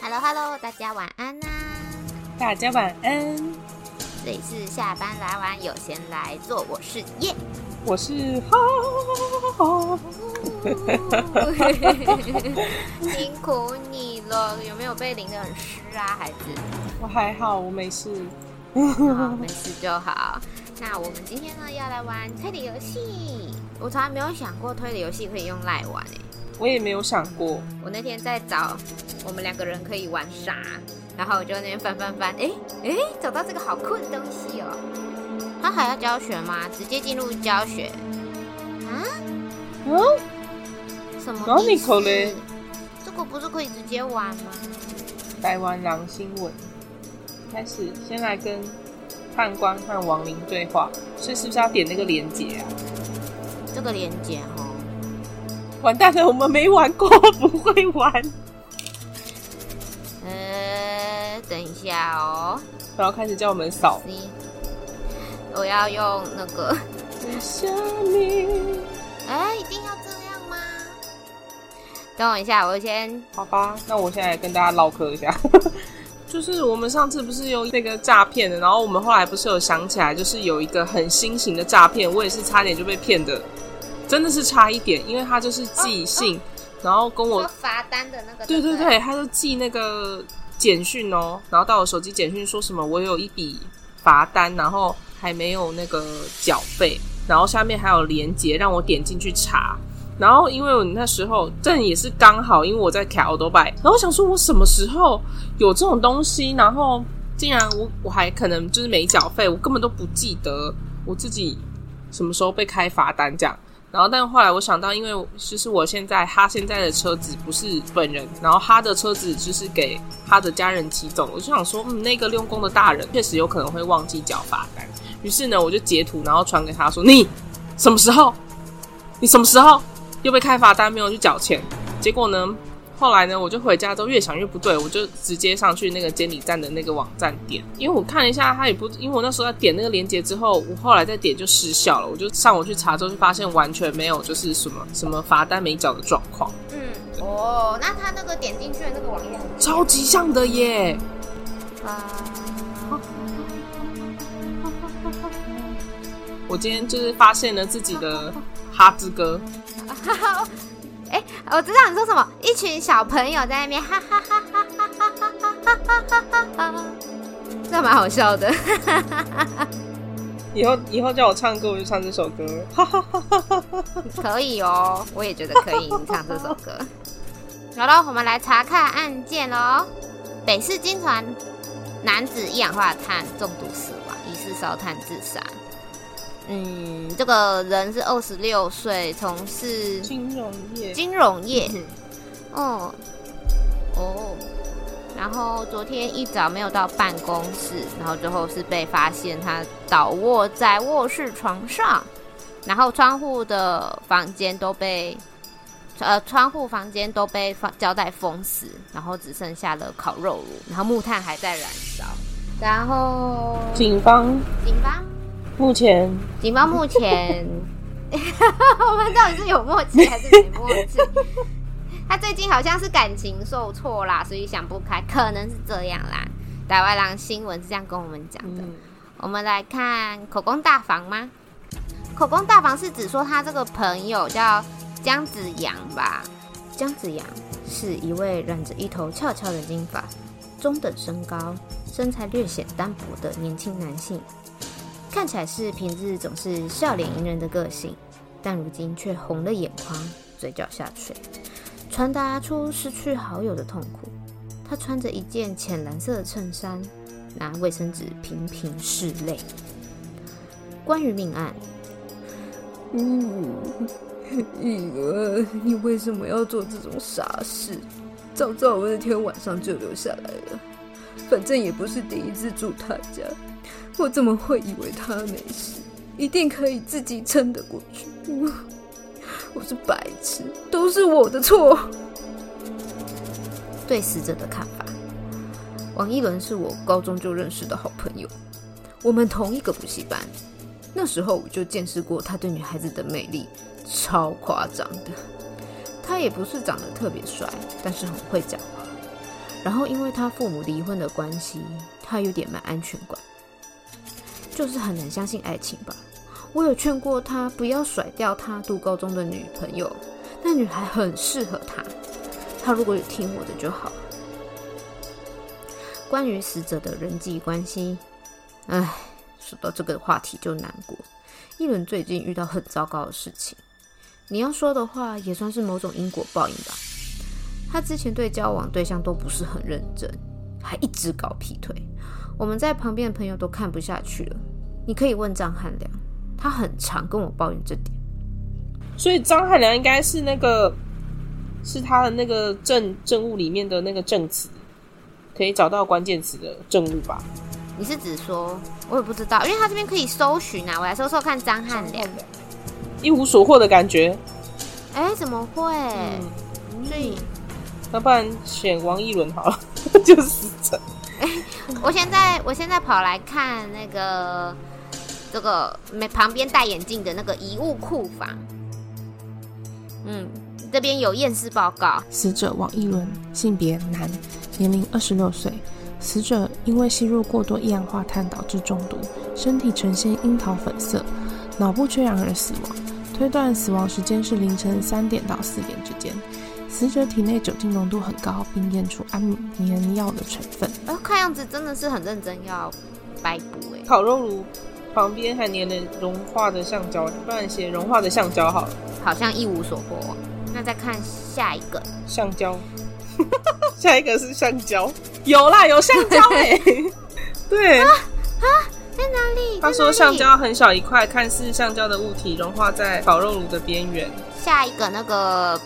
Hello，Hello，hello, 大家晚安吶，啊！大家晚安。這一次下班來玩，有閒來坐。我是耶，我是好。哈哈哈！辛苦你了，有沒有被淋得很濕啊，孩子？我還好，我沒事， 沒事就好。那我們今天呢，要來玩推理遊戲。我從來沒有想過推理遊戲可以用 Line 玩。欸，我也沒有想過。我那天在找我們兩個人可以玩啥，然後我就在那邊翻翻翻，哎、欸、哎、欸，找到這個好酷的東西哦、喔！他還要教學嗎？直接進入教學啊？嗯、啊？什麼？可這個不是可以直接玩嗎？台灣良心吻。開始，先來跟判官和亡靈對話，所以是不是要點那個連結啊？這個連結哈、哦，完蛋了，我們沒玩過，不會玩。呃，等一下哦，然後開始叫我們掃，我要用那個。哎、欸，一定要這樣嗎？等我一下，我先。好吧，那我現在跟大家嘮嗑一下。就是我們上次不是有那個詐騙的，然後我們後來不是有想起來，就是有一個很新型的詐騙，我也是差點就被騙的，真的是差一點，因為他就是寄信，哦哦、然後跟我說罰單的那個的對對對，他就寄那個簡訊哦，然後到我手機簡訊說什麼我有一筆罰單，然後還沒有那個繳費，然後下面還有鏈接讓我點進去查。然後，因為我那時候，但也是剛好，因為我在開 auto bike 然後我想說，我什麼時候有這種東西？然後竟然我我還可能就是沒繳費，我根本都不記得我自己什麼時候被開罰單這樣。然後，但後來我想到，因為就是我現在他現在的車子不是本人，然後他的車子就是給他的家人騎走，我就想說，嗯，那個用功的大人確實有可能會忘記繳罰單。於是呢，我就截圖，然後傳給他說：“你什麼時候？你什麼時候？”又被開罰單，沒有去繳錢，結果呢？後來呢？我就回家之後越想越不對，我就直接上去那個監理站的那個網站點，因為我看了一下他也不，因為我那時候要點那個連接之後，我後來再點就失效了，我就上網去查之後就發現完全沒有就是什麼什麼罰單沒繳的狀況。嗯，哦，那他那個點進去的那個網頁超級像的耶。啊、嗯，我今天就是發現了自己的哈之哥。哈哈、 欸，我知道你說什麼，一群小朋友在那邊，哈哈哈哈哈哈哈哈哈哈，這蠻好笑的。 以後以後叫我唱歌，我就唱這首歌。 可以哦，我也覺得可以，唱這首歌。好了，我們來查看案件哦。北市驚傳男子一氧化碳中毒死亡，疑似燒炭自殺。嗯，這個人是二十六歲，從事金融業。金融業。嗯、哦哦。然後昨天一早沒有到辦公室，然後最後是被發現他倒臥在臥室床上，然後窗戶的房間都被呃窗戶房間都被膠帶封死，然後只剩下了烤肉爐，然後木炭還在燃燒，然後警方警方。警方目前，警方目前， 我們到底是有默契還是沒默契？ 他最近好像是感情受挫啦，所以想不開，可能是這樣啦。台灣《郎新聞》是這樣跟我們講的。嗯、我們來看口供大房嗎？口供大房是指說他這個朋友叫姜子陽吧？姜子陽是一位染着一頭俏俏的金髮、中等身高、身材略顯單薄的年輕男性。看起來是平日總是笑臉迎人的個性，但如今卻紅了眼眶，嘴角下垂，傳達出失去好友的痛苦。他穿着一件淺藍色的襯衫，拿衛生紙頻頻拭淚。關於命案，嗯，你為什麼要做這種傻事？早知道我那天晚上就留下來了，反正也不是第一次住他家。我怎麼會以為他沒事，一定可以自己撐得過去？我是白痴，都是我的錯。對死者的看法，王一倫是我高中就認識的好朋友，我們同一個補習班。那時候我就見識過他對女孩子的魅力，超誇張的。他也不是長得特別帥，但是很會講話。然後因為他父母離婚的關係，他有點沒安全感。就是很難相信愛情吧？我有勸過他不要甩掉他讀高中的女朋友，那女孩很適合他，他如果有聽我的就好。關於死者的人際關係，唉，說到這個話題就難過。一輪最近遇到很糟糕的事情，你要說的話也算是某種因果報應吧。他之前對交往對象都不是很認真，還一直搞劈腿。我們在旁邊的朋友都看不下去了。你可以問張漢良，他很常跟我抱怨這點。所以張漢良應該是那個，是他的那個證證物裡面的那個證詞，可以找到關鍵詞的證物吧？你是指說，我也不知道，因為他這邊可以搜尋啊，我來搜搜看張漢良，一無所獲的感覺。哎、欸，怎麼會？累、嗯。所以要不然選王一倫好了，就是這。哎， 我現在我現在跑來看那個這個沒旁邊戴眼鏡的那個遺物庫房。嗯，這邊有驗屍報告。死者王一倫，性別男，年齡二十六歲。死者因為吸入過多一氧化碳導致中毒，身體呈現櫻桃粉色，腦部缺氧而死亡。推斷死亡時間是凌晨三點到四點之間。死者體內酒精濃度很高，並驗出安眠藥的成分。呃、哦、看樣子真的是很認真要白骨哎、欸。烤肉爐旁邊還粘了融化的橡膠，不然寫融化的橡膠好了。好像一無所獲、啊。那再看下一個橡膠， 下一個是橡膠，有啦，有橡膠哎、欸。 對啊啊，在哪裡？哪裡？他說橡膠很小一塊，看似橡膠的物體融化在烤肉爐的邊緣。下一個那個。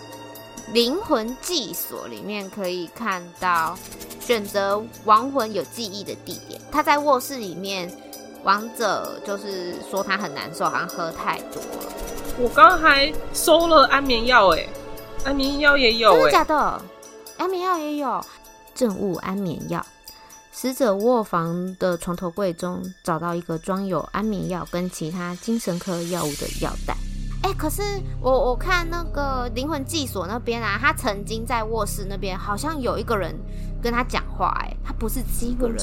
靈魂寄所裡面可以看到，選擇亡魂有記憶的地點。他在臥室裡面，亡者就是說他很難受，好像喝太多了。我剛還收了安眠藥哎、欸，安眠藥也有、欸，真的假的？安眠藥也有，證物安眠藥。死者臥房的床頭櫃中找到一個裝有安眠藥跟其他精神科藥物的藥袋。哎、欸，可是我我看那個靈魂寄所那邊啊，他曾經在臥室那邊，好像有一個人跟他講話、欸。哎，他不是七個人。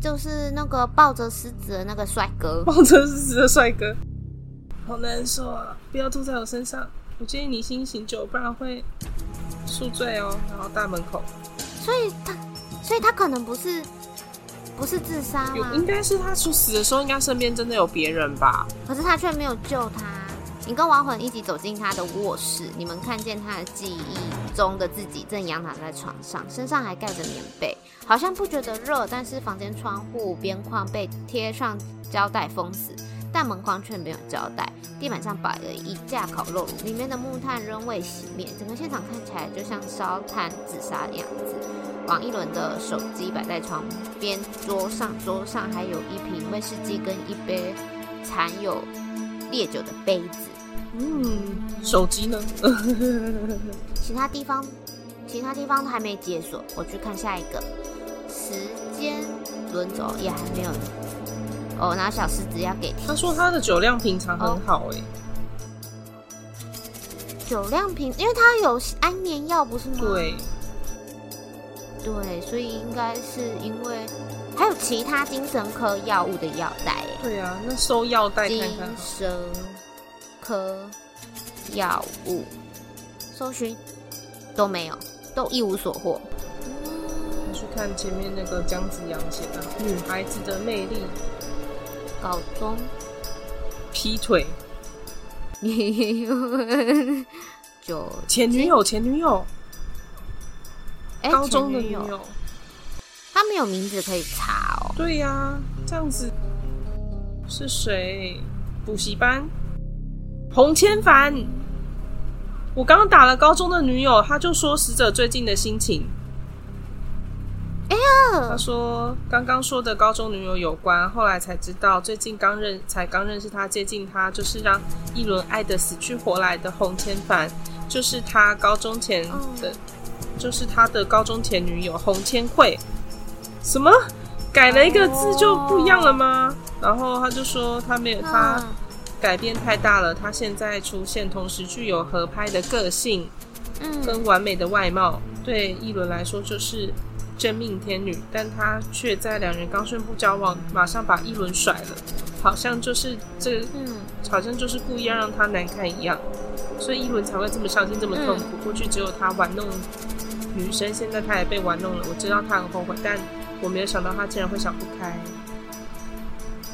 就是那個抱着獅子的那個帥哥。抱着獅子的帥哥，好難受啊！不要吐在我身上，我建議你先醒酒，不然會宿醉哦。然後大門口，所以他，所以他可能不是。不是自殺嗎？應該是他死的時候，應該身邊真的有別人吧。可是他卻沒有救他。你跟亡魂一起走進他的臥室，你們看見他的記憶中的自己正仰躺在床上，身上還蓋着棉被，好像不覺得熱。但是房間窗戶邊框被貼上膠帶封死，但門框卻沒有膠帶。地板上擺了一架烤肉爐，裡面的木炭仍未熄滅，整個現場看起來就像燒炭自殺的樣子。王一倫的手機擺在床邊桌上，桌上還有一瓶威士忌跟一杯含有烈酒的杯子。嗯，手機呢？ 其他地方，其他地方都還沒解鎖，我去看下一個。時間輪軸也還沒有。哦，拿小獅子要給。他說他的酒量平常很好哎、欸哦。酒量平，因為他有安眠藥不是嗎？對。對，所以應該是因為還有其他精神科藥物的藥袋。對啊，那收藥袋看看。精神科藥物搜尋都沒有，都一無所獲。你去看前面那個姜子陽寫的《女孩子的魅力》高中，劈腿，就前女友，前女友。高中的女友，他沒有名字可以查哦。對呀、啊，這樣子是誰？補習班，洪千帆。我剛剛打了高中的女友，他就說死者最近的心情。哎呀，他說剛剛說的高中女友有關，後來才知道最近剛認才剛認識他，接近他就是讓一輪愛得死去活來的洪千帆，就是他高中前的。嗯就是他的高中前女友洪千惠，什麼改了一個字就不一樣了嗎？哎、呦然後他就說他沒有，他改變太大了。他現在出現，同時具有合拍的個性，嗯，跟完美的外貌，嗯、對一輪來說就是真命天女。但他卻在兩人剛宣布交往，馬上把一輪甩了，好像就是這，嗯，好像就是故意要讓他難看一樣。所以一輪才會這麼傷心，這麼痛苦。不過去只有他玩弄。女生現在她也被玩弄了，我知道她很後悔，但我沒有想到她竟然會想不開，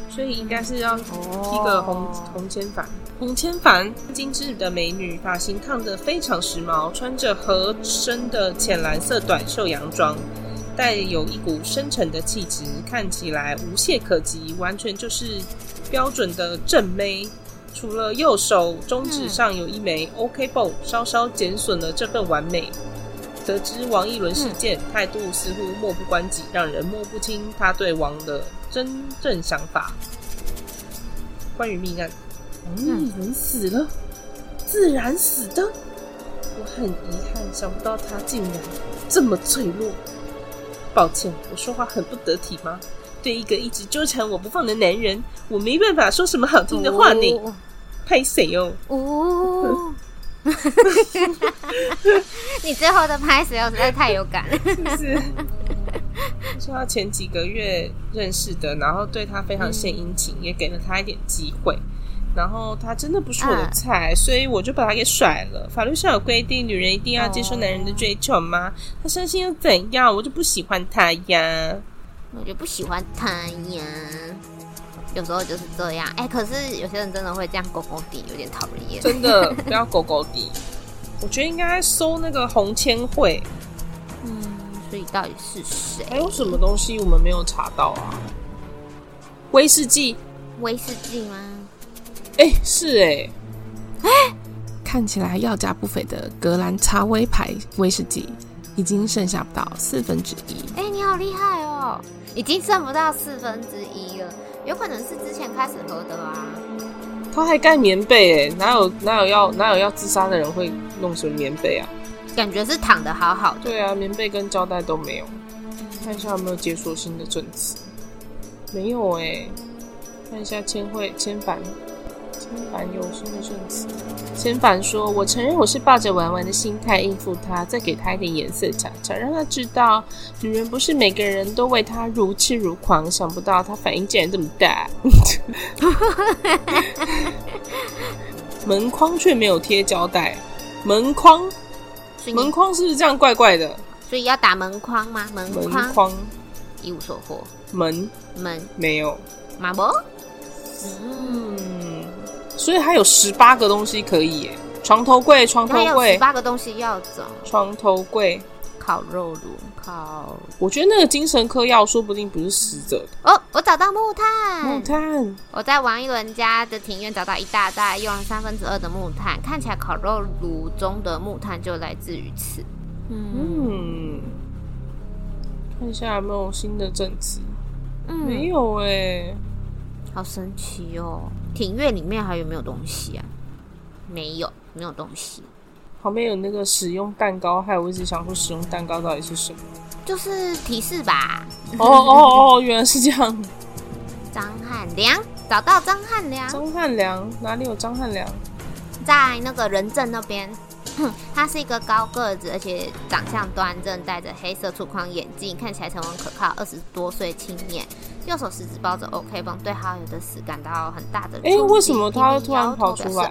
所以應該是要一個紅、oh. 紅千凡。紅千凡，精緻的美女，髮型燙得非常時髦，穿着合身的淺藍色短袖洋裝，帶有一股深沉的氣質，看起來無懈可擊，完全就是標準的正妹。除了右手中指上有一枚 OK 繃，稍稍減損了這份完美。得知王一倫事件，態、嗯、度似乎漠不關己，讓人摸不清他對王的真正想法。關於命案，王一倫死了，自然死的。我很遺憾，想不到他竟然這麼脆弱。抱歉，我說話很不得體嗎？對一個一直糾纏我不放的男人，我沒辦法說什麼好聽的話呢。拍誰哦。 你最後的拍死又實在太有感了。 是，是，哈是。說他前幾個月認識的，然後對他非常獻殷勤，嗯、也給了他一點機會，然後他真的不是我的菜，嗯、所以我就把他給甩了。法律上有規定女人一定要接受男人的追求嗎？哦、他傷心又怎樣？我就不喜歡他呀，我就不喜歡他呀。有時候就是這樣，哎、欸，可是有些人真的會這樣勾勾地，有點討厭。真的不要勾勾地。 我覺得應該搜那個洪千惠。嗯，所以到底是誰？還有什麼東西我們沒有查到啊？威士忌？威士忌嗎？哎、欸，是哎、欸。哎、欸，看起來要價不菲的格蘭茶威牌威士忌，已經剩下不到四分之一。哎、欸，你好厲害哦，已經剩不到四分之一了。有可能是之前開始喝的啊！他還蓋棉被誒、欸，哪有哪有要哪有要自殺的人會弄什麼棉被啊？感覺是躺得好好的。對啊，棉被跟膠帶都沒有。看一下有沒有解鎖新的證詞，沒有誒、欸。看一下千惠千帆。先凡說：“我承認我是抱着玩玩的心態應付他，再給他一點顏色瞧瞧，讓他知道女人不是每個人都為他如痴如狂。想不到他反應竟然這麼大。”門框卻沒有貼膠帶，門框，以門框是不是這樣怪怪的？所以要打門框嗎？門門框門一無所獲門，門門沒有媽博，沒嗯。所以還有十八個東西可以，床頭櫃、床頭櫃，十八個東西要走。床頭櫃、烤肉爐、烤……我覺得那個精神科藥說不定不是死者的。哦，我找到木炭，木炭。我在王一倫家的庭院找到一大袋用了三分之二的木炭，看起來烤肉爐中的木炭就來自於此。嗯，看一下有沒有新的證詞，嗯、沒有哎。好神奇哦！庭院裡面還有沒有東西啊？沒有，沒有東西。旁邊有那個使用蛋糕，還有我一直想說使用蛋糕到底是什麼？就是提示吧。哦哦哦，原來是這樣。張漢 良，找到張漢良。張漢良哪裡有張漢良？在那個人證那邊。哼，他是一個高個子，而且長相端正，戴着黑色粗框眼鏡，看起來沉穩可靠，二十多歲青年。右手食指包着 OK 繃，對好友的死感到很大的誒、欸？為什麼他會突然跑出來？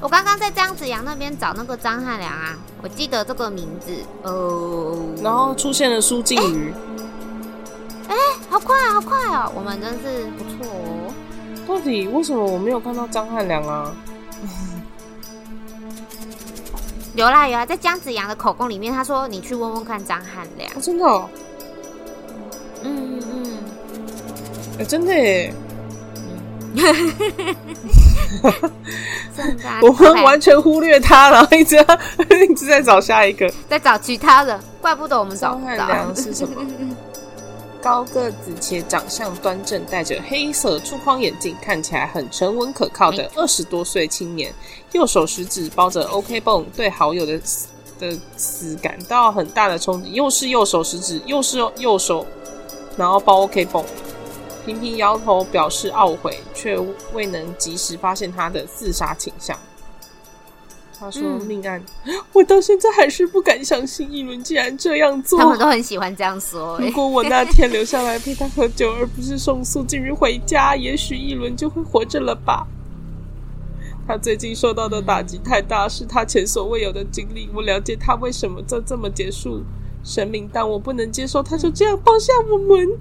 我剛剛在姜子陽那邊找那個張漢良啊，我記得這個名字哦。然後出現了蘇靖瑜。哎、欸欸，好快、啊，好快哦、喔！我們真是不錯哦、喔。到底為什麼我沒有看到張漢良啊？ 有啦有啊，在姜子陽的口供裡面，他說你去問問看張漢良、啊。真的、哦？嗯嗯嗯，哎、嗯嗯欸，真的耶。我們完全忽略他了，然後一直 一直在找下一個，在找其他的，怪不得我們找不到是什麼？ 高個子且長相端正，戴着黑色粗框眼鏡，看起來很沉穩可靠的二十多歲青年，右手食指包着 OK 繃，對好友的死的死感到很大的衝擊，又是右手食指，又是右手。然後包 OK 繃，頻頻搖頭表示懊悔，卻未能及時發現他的自殺傾向。他說：“命案，嗯、我到現在還是不敢相信，一倫竟然這樣做。”他們都很喜歡這樣說。如果我那天留下來陪他喝酒，而不是送素靜雲回家， 也許一倫就會活着了吧？他最近受到的打擊太大，是他前所未有的經歷。我了解他為什麼就這麼結束。神明，但我不能接受，他就這樣放下我們。嗚、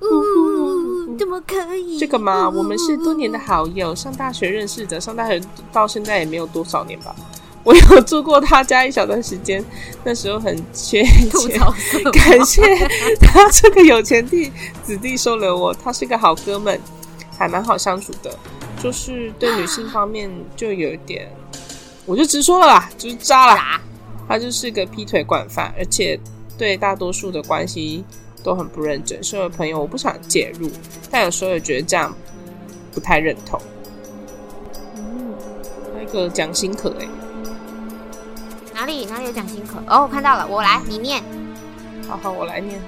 嗯，嗯嗯、怎麼可以？這個嘛，嗯、我們是多年的好友，嗯、上大學認識的，上大學到現在也沒有多少年吧。我有住過他家一小段時間，那時候很缺錢，感謝他這個有錢弟子弟收留我。他是個好哥們，還蠻好相處的，就是對女性方面就有一點，我就直說了啦，就是渣啦。他就是個劈腿慣犯，而且對大多數的關係都很不認真。身為朋友，我不想介入，但有時候也覺得這樣不太認同。嗯，那個蔣心可，哎，哪裡哪裡有蔣心可？哦、oh，我看到了，我來，你念。好好，我來念。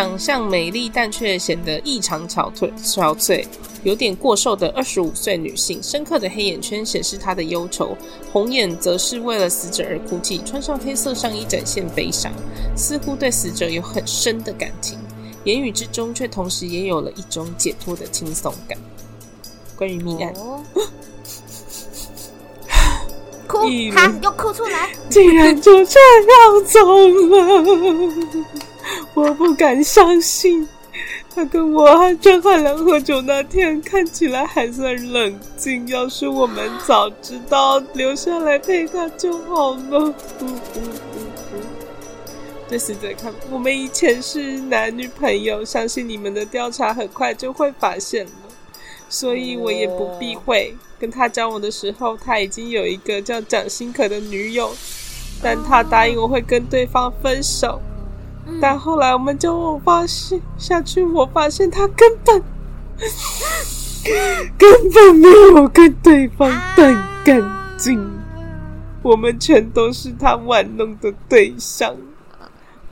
長相美麗，但卻顯得異常憔悴，憔悴，有點過瘦的二十五歲女性，深刻的黑眼圈顯示她的憂愁，紅眼則是為了死者而哭泣，穿上黑色上衣展現悲傷，似乎對死者有很深的感情，言語之中卻同時也有了一種解脫的輕鬆感。關於命案，哭，又哭出來， 竟然就這樣走了。 我不敢相信，他跟我和張漢良喝酒那天看起來還算冷靜。要是我們早知道，留下來陪他就好了。嗯嗯嗯嗯。這現在看，嗯、this, this, 我們以前是男女朋友，相信你們的調查很快就會發現了。所以我也不避諱，跟他交往的時候，他已經有一個叫蔣新可的女友，但他答應我會跟對方分手。但後來，我們交往發現下去，我發現他根本 根本沒有跟對方斷乾淨，啊、我們全都是他玩弄的對象。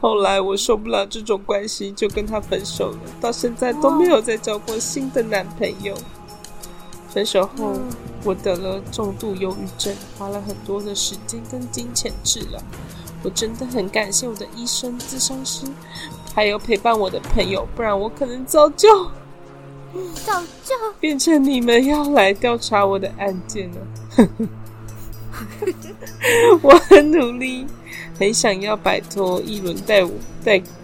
後來我受不了這種關係，就跟他分手了。到現在都沒有再交過新的男朋友。分手後，我得了重度憂鬱症，花了很多的時間跟金錢治療。我真的很感謝我的醫生、諮商師，還有陪伴我的朋友，不然我可能早就早就變成你們要來調查我的案件了。 我很努力，很想要擺脫一輪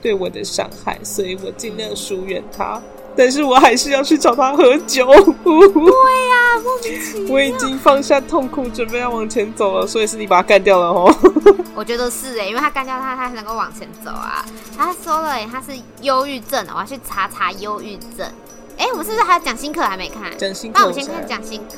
對我的傷害，所以我盡量疏遠他。但是我還是要去找他喝酒。對呀，莫名其妙。我已經放下痛苦，準備要往前走了。所以是你把他幹掉了哦？ 我覺得是哎，因為他幹掉他，他還能夠往前走啊。他說了，他是憂鬱症，我要去查查憂鬱症。哎，我們是不是還有蔣新可還沒看？蔣新可，那我先看蔣新可。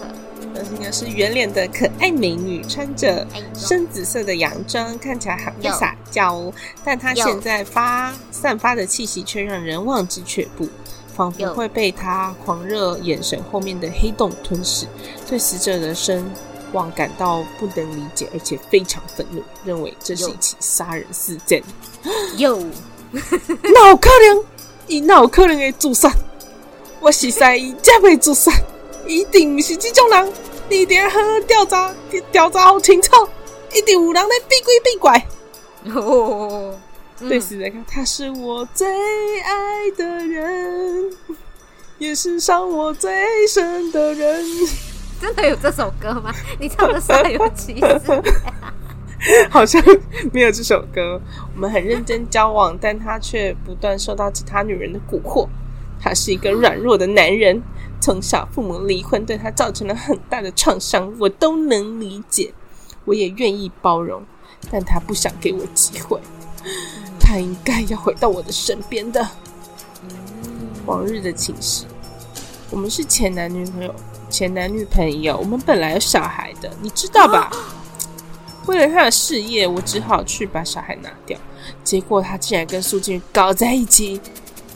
蔣新可是圓臉的可愛美女，穿着深紫色的洋裝，看起來很不撒嬌，Yo. Yo. Yo. 但她現在發散發的氣息卻讓人望之卻步。仿佛會被他狂熱眼神後面的黑洞吞噬，對死者的身亡感到不能理解，而且非常憤怒，認為這是一起殺人事件。Yo. 有腦殼涼，以腦殼涼為主啥？我是知伊這袂做啥，一定不是這種人。你一定要好好調查，調查好清楚，一定有人咧閉鬼閉怪。Oh. 對此來看，嗯、他是我最愛的人，也是傷我最深的人。真的有這首歌嗎？你唱的時候是對不起。 好像沒有這首歌。我們很認真交往，但他卻不斷受到其他女人的蠱惑。他是一個軟弱的男人，從小父母離婚對他造成了很大的創傷，我都能理解，我也願意包容，但他不想給我機會。他應該要回到我的身邊的、嗯。往日的情緒，我們是前男女朋友，前男女朋友，我們本來有小孩的，你知道吧？啊、為了他的事業，我只好去把小孩拿掉。結果他竟然跟蘇靜搞在一起，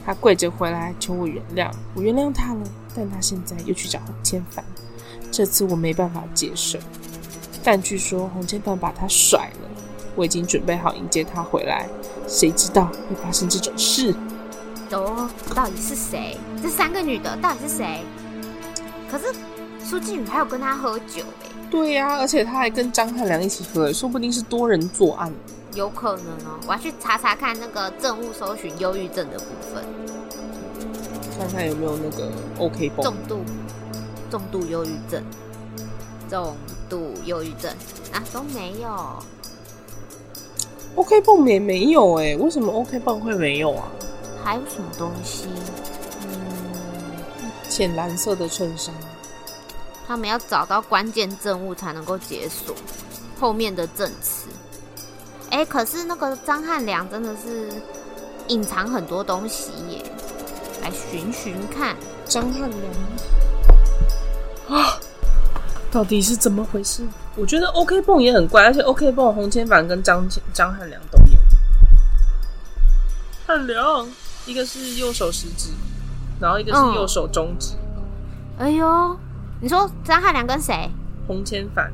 他跪着回來求我原諒，我原諒他了。但他現在又去找洪千帆。這次我沒辦法接受。但據說洪千帆把他甩了。我已經準備好迎接他回來，誰知道會發生這種事？哦，到底是誰？這三個女的到底是誰？可是蘇靜宇還有跟他喝酒哎、欸。對呀、啊，而且他還跟張漢良一起喝，說不定是多人作案。有可能哦，我要去查查看那個證物搜尋憂鬱症的部分，看看有沒有那個 OK 繃重度重度憂鬱症重度憂鬱症啊都沒有。OK 繃也沒有哎，為什麼 OK 繃會沒有啊？還有什麼東西？嗯，淺藍色的襯衫。他們要找到關鍵證物才能夠解鎖後面的證詞。哎、欸，可是那個張漢良真的是隱藏很多東西耶，來尋尋看張漢良啊。到底是怎麼回事？我覺得 OK 繃也很怪，而且 OK 繃洪千帆跟張張漢良都有漢良，一個是右手食指，然後一個是右手中指。嗯、哎呦，你說張漢良跟誰？洪千帆，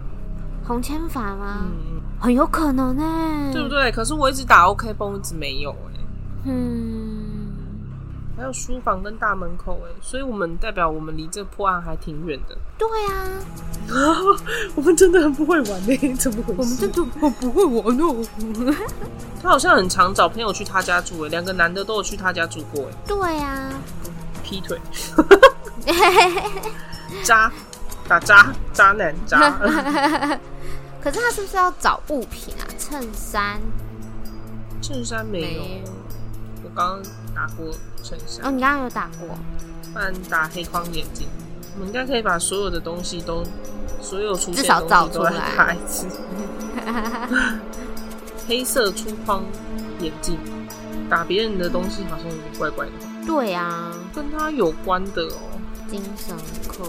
洪千帆嗎？嗯、很有可能呢、欸，對不對？可是我一直打 OK 繃，一直沒有、欸、嗯。還有書房跟大門口哎、欸，所以我們代表我們離這破案還挺遠的。對啊， 我們真的很不會玩呢、欸。怎麼回事？我們真的不不會玩哦。他好像很常找朋友去他家住哎、欸，兩個男的都有去他家住過哎、欸。對、啊、劈腿， 渣打渣渣男渣。 可是他是不是要找物品啊？襯衫，襯、嗯、衫沒有，沒我剛剛拿過。哦，你剛剛有打過，不然打黑框眼鏡，我們應該可以把所有的東西都，所有出現的東西都來打一次。至少找出來 黑色粗框眼鏡，打別人的東西好像怪怪的。嗯、對啊，跟他有關的哦，精神科，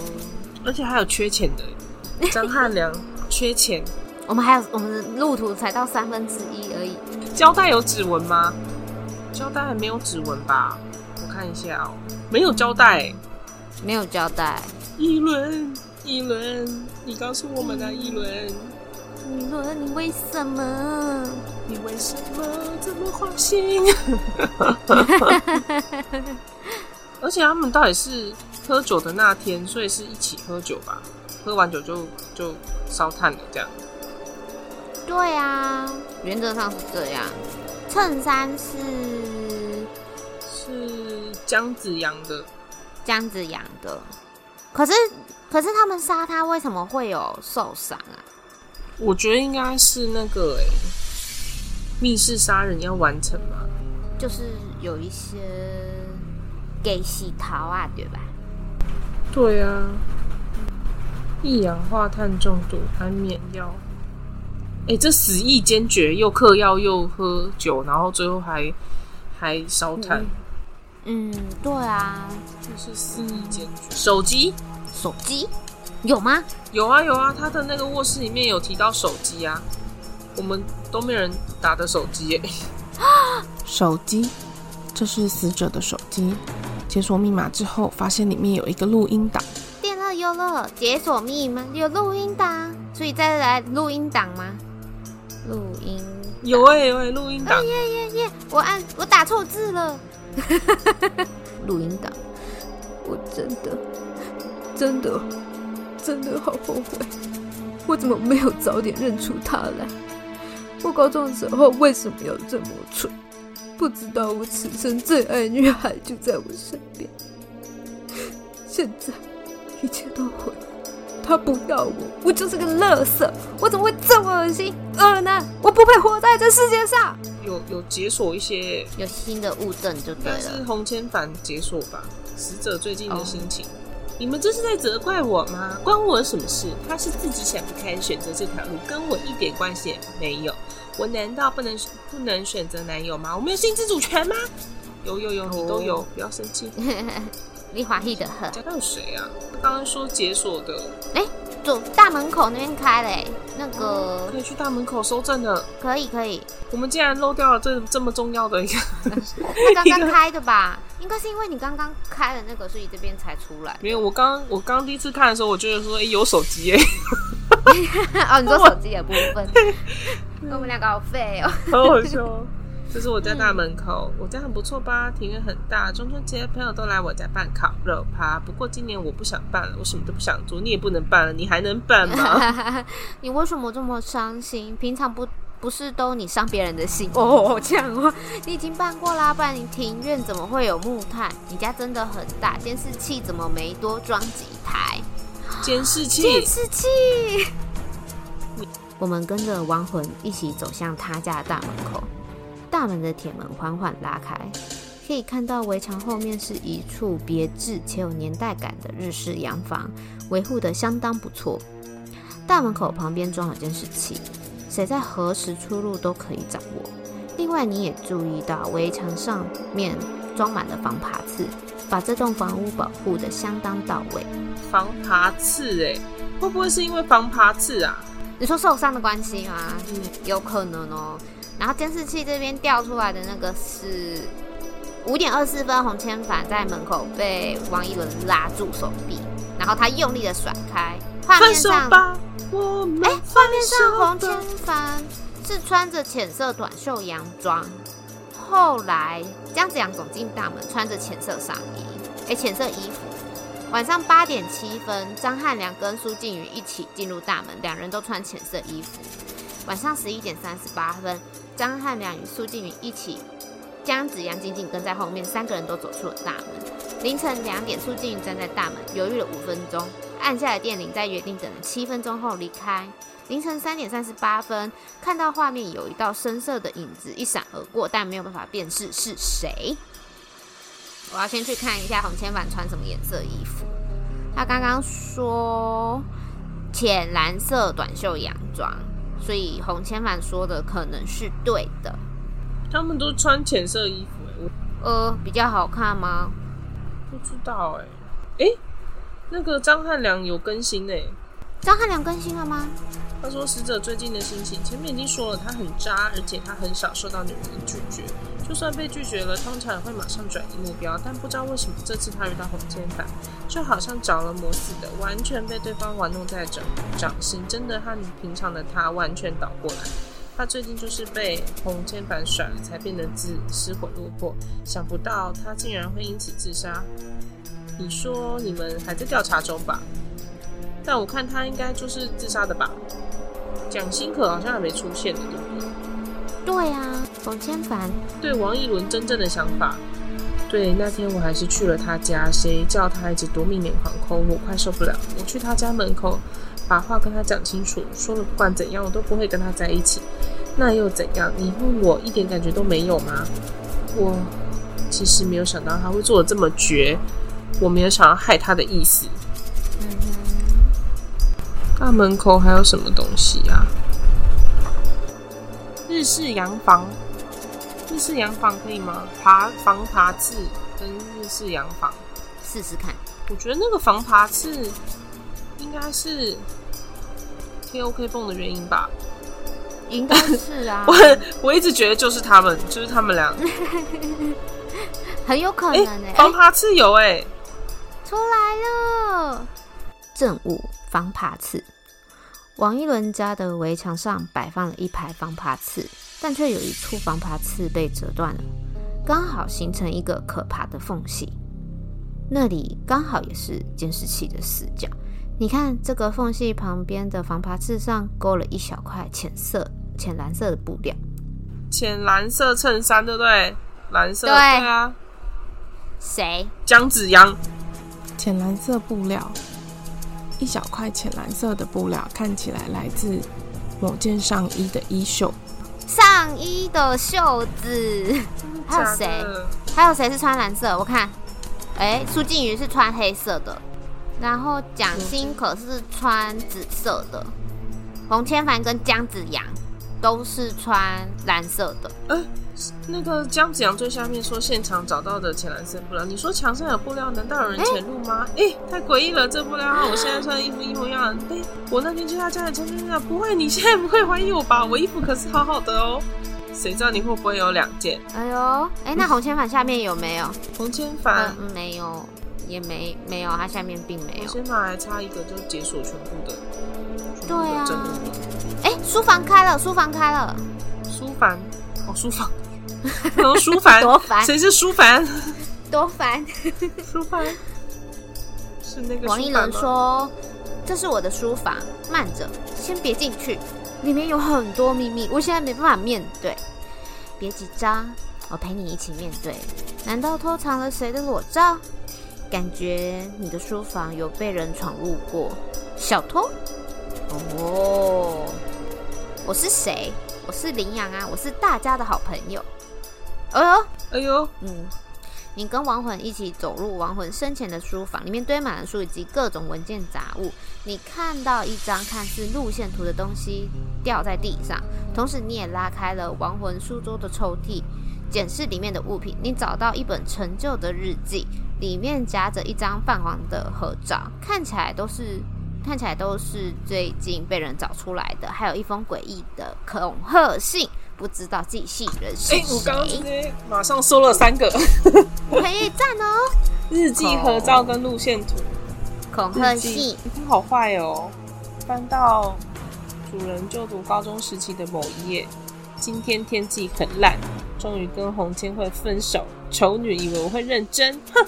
而且還有缺錢的張漢良， 缺錢。我們還有，我們的路途才到三分之一而已。膠帶有指紋嗎？膠帶還沒有指紋吧？看一下哦、喔欸嗯，沒有交代，沒有交代。一輪一輪，你告訴我們啊，嗯、一輪輪一輪，你為什麼？你為什麼這麼花心？而且他們到底是喝酒的那天，所以是一起喝酒吧？喝完酒就就燒炭了，這樣？對啊，原則上是這樣。襯衫是是。姜子陽的，姜子陽的。可是，可是他們殺他，為什麼會有受傷啊？我覺得應該是那個、欸、密室殺人要完成嘛、嗯、就是有一些給喜桃啊，對吧？對啊，一氧化碳中毒安眠藥？哎、欸，這死意堅決，又嗑藥又喝酒，然後最後還還燒炭。嗯嗯，對啊，這是私密建築。手機，手機有嗎？有啊，有啊，有啊，他的那個臥室裡面有提到手機啊。我們都沒人打的手機耶。手機，這是死者的手機。解鎖密碼之後，發現裡面有一個錄音檔。電了又了，解鎖密碼有錄音檔，所以再來錄音檔嗎？錄音檔有誒、欸，有誒、欸，錄音檔。耶、欸、耶耶！我按我打錯字了。 錄音檔，我真的、真的、真的好後悔，我怎麼沒有早點認出他來？我高中的時候為什麼要這麼蠢？不知道我此生最愛的女孩就在我身邊，現在一切都毀了。他不要我，我就是個樂色，我怎麼會這麼惡心惡男，我不配活在這世界上。有有解鎖一些，有新的物證就對了。是紅千凡解鎖吧？死者最近的心情。Oh. 你們這是在責怪我嗎？關我什麼事？他是自己想不開選擇這條路，跟我一點關係也沒有。我難道不能不能選擇男友嗎？我沒有性自主權嗎？有有有，你都有，oh. 不要生氣。 你華麗的很，那有誰啊？他剛剛說解鎖的，哎、欸，走大門口那邊開嘞、欸，那個、嗯、可以去大門口搜證的，可以可以。我們竟然漏掉了這這麼重要的一個，他剛剛 開的吧？個應該是因為你剛剛開了那個，所以這邊才出來。沒有，我剛我剛第一次看的時候，我覺得說，哎、欸，有手機哎、欸。 哦，你手機我 說手機也不會分，我們兩個好廢哦，好好笑、哦就是我家大門口，嗯、我家很不錯吧？庭院很大，中秋節朋友都來我家辦烤肉趴。不過今年我不想辦了，我什麼都不想做。你也不能辦了，你還能辦嗎？ 你為什麼這麼傷心？平常不不是都你傷別人的心？哦，這樣啊？你已經辦過啦？啊，不然你庭院怎麼會有木炭？你家真的很大，監視器怎麼沒多裝幾台？監視器，監視器。你我們跟着亡魂一起走向他家的大門口。大門的鐵門緩緩拉開，可以看到圍牆後面是一處別緻且有年代感的日式洋房，維護得相當不錯。大門口旁邊裝了監視器，誰在何時出入都可以掌握。另外，你也注意到圍牆上面裝滿了防爬刺，把這棟房屋保護得相當到位。防爬刺欸？哎，會不會是因為防爬刺啊？你說受傷的關係嗎？嗯，有可能哦、喔。然後監視器這邊調出來的那個是五點二十四分，洪千帆在門口被王一倫拉住手臂，然後他用力的甩開。畫面上，哎，畫面上洪千帆是穿着淺色短袖洋裝。後來江子揚走進大門，穿着淺色上衣，哎，淺色衣服。晚上八點七分，張漢良跟蘇靜瑜一起進入大門，兩人都穿淺色衣服。晚上十一點三十八分。張漢良與蘇靜雲一起，江子楊晶晶跟在後面，三個人都走出了大門。凌晨兩點，蘇靜雲站在大門，猶豫了五分鐘，按下了電鈴，在約定等了七分鐘後離開。凌晨三點三十八分，看到畫面有一道深色的影子一閃而過，但沒有辦法辨識是誰。我要先去看一下洪千帆穿什麼顏色衣服。他剛剛說淺藍色短袖洋裝。所以洪千帆說的可能是對的。他們都穿淺色衣服，哎、欸，我呃比較好看嗎？不知道哎、欸，誒、欸，那個張翰良有更新哎、欸。張漢良更新了嗎？他說：“死者最近的心情，前面已經說了，他很渣，而且他很少受到女人的拒絕，就算被拒絕了，通常也會馬上轉移目標。但不知道為什麼，這次他遇到洪千凡就好像着了魔似的，完全被對方玩弄在掌掌心，真的和平常的他完全倒過來。他最近就是被洪千凡甩了，才變得自失魂落魄。想不到他竟然會因此自殺。你說，你們還在調查中吧？”但我看他應該就是自殺的吧。蔣新可好像還沒出現呢，對不對？對呀，馮千凡對王一倫真正的想法。對，那天我還是去了他家，誰叫他一直奪命連環 call，我快受不了。我去他家門口，把話跟他講清楚，說了不管怎樣我都不會跟他在一起。那又怎樣？你問我一點感覺都沒有嗎？我其實沒有想到他會做的這麼絕，我沒有想要害他的意思。大門口還有什麼東西啊？日式洋房，日式洋房可以嗎？爬防爬刺跟日式洋房，試試看。我覺得那個防爬刺應該是 K O K 蹦的原因吧。應該是啊。 我我一直覺得就是他們，就是他們倆， 很有可能哎、欸。欸、防爬刺有哎、欸，出來了。正物防爬刺，王一倫家的圍牆上擺放了一排防爬刺，但卻有一處防爬刺被折斷了，剛好形成一個可怕的縫隙。那裡剛好也是監視器的死角。你看，這個縫隙旁邊的防爬刺上勾了一小塊淺色、淺藍色的布料，淺藍色襯衫對不對？藍色對，對啊，誰誰？姜子陽，淺藍色布料。一小塊淺藍色的布料看起來來自某件上衣的衣袖，上衣的袖子。是還有誰？還有誰是穿藍色？我看，哎、欸，蘇靜瑜是穿黑色的，然後蔣欣可是穿紫色的，洪、嗯嗯嗯、千凡跟姜子陽都是穿藍色的。欸那個姜子牙最下面說，現場找到的淺藍色布料。你說牆上有布料，難道有人潛入嗎？哎、欸欸，太詭異了，這布料和我現在穿的衣服一模一樣。哎、啊欸，我那天去他家裡，悄悄悄不會，你現在不會懷疑我吧？我衣服可是好好的哦。誰知道你會不會有兩件？哎呦，哎、欸，那紅千帆下面有沒有？嗯、紅千帆、呃嗯、沒有，也沒沒有，他下面並沒有。我先帆還差一個，就解鎖全部的。部的了對啊，哎、欸，書房開了，書房開了，書房。哦、書房，哦、書房 多煩煩，誰是書房？多煩煩， 書房是那個書房。王一倫說：“這是我的書房，慢着，先別進去，裡面有很多秘密，我現在沒辦法面對。別緊張，我陪你一起面對。難道偷藏了誰的裸照？感覺你的書房有被人闖入過，小偷？哦，我是誰？”我是羚羊啊，我是大家的好朋友。哎呦，哎呦，嗯，你跟亡魂一起走入亡魂生前的書房，裡面堆滿了書以及各種文件雜物。你看到一張看似路線圖的東西掉在地上，同時你也拉開了亡魂書桌的抽屜，檢視裡面的物品。你找到一本陳舊的日記，裡面夾着一張泛黃的合照，看起來都是。看起來都是最近被人找出來的，還有一封詭異的恐嚇信，不知道寄信人是誰，欸。我剛剛直接馬上收了三個，可以讚哦。日記合照跟路線圖，恐嚇信，他，嗯、好壞哦。翻到主人就讀高中時期的某一頁，今天天氣很爛，終於跟洪千惠分手。醜女以為我會認真，哼，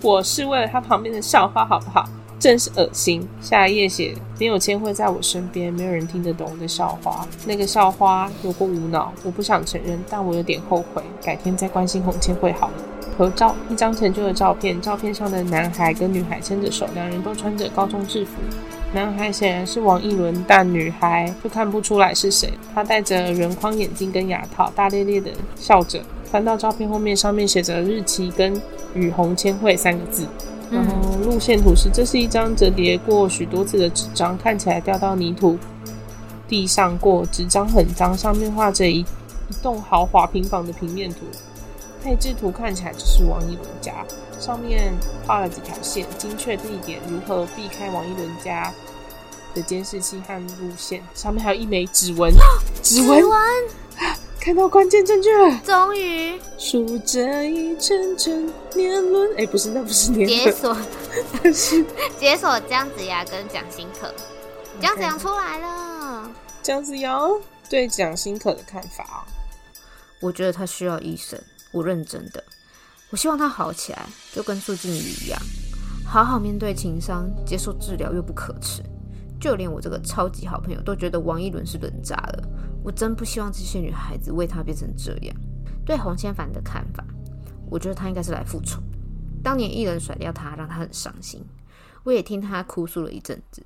我是為了她旁邊的校花，好不好？真是惡心。下一頁寫：「沒有千惠在我身邊，沒有人聽得懂我的笑話。」那個笑話有過無腦，我不想承認，但我有點後悔。改天再關心紅千惠好了。合照，一張陳舊的照片，照片上的男孩跟女孩牽着手，兩人都穿着高中制服。男孩顯然是王一倫，但女孩就看不出來是誰。他戴着圓框眼鏡跟牙套，大咧咧的笑着。翻到照片後面，上面寫着日期跟與紅千惠三個字。然後、嗯、路線圖是，這是一張折疊過許多次的紙張，看起來掉到泥土地上過，紙張很髒，上面畫着一一棟豪華平房的平面圖，配置圖看起來就是王一倫家，上面畫了幾條線，精確地點如何避開王一倫家的監視器和路線，上面還有一枚指紋，指紋紋。指紋。看到關鍵證據了，終於數着一圈圈年輪，哎、欸，不是，那不是年輪。解鎖，但是解鎖姜子牙跟蔣欣可。姜子牙出來了，姜子牙對蔣欣可的看法，我覺得他需要醫生，我認真的，我希望他好起來，就跟蘇靜怡一樣，好好面對情傷，接受治療又不可恥，就連我這個超級好朋友都覺得王一倫是人渣了。我真不希望這些女孩子為他變成這樣。對洪千帆的看法，我覺得他應該是來復仇。當年藝人甩掉他，讓他很傷心。我也聽他哭訴了一陣子，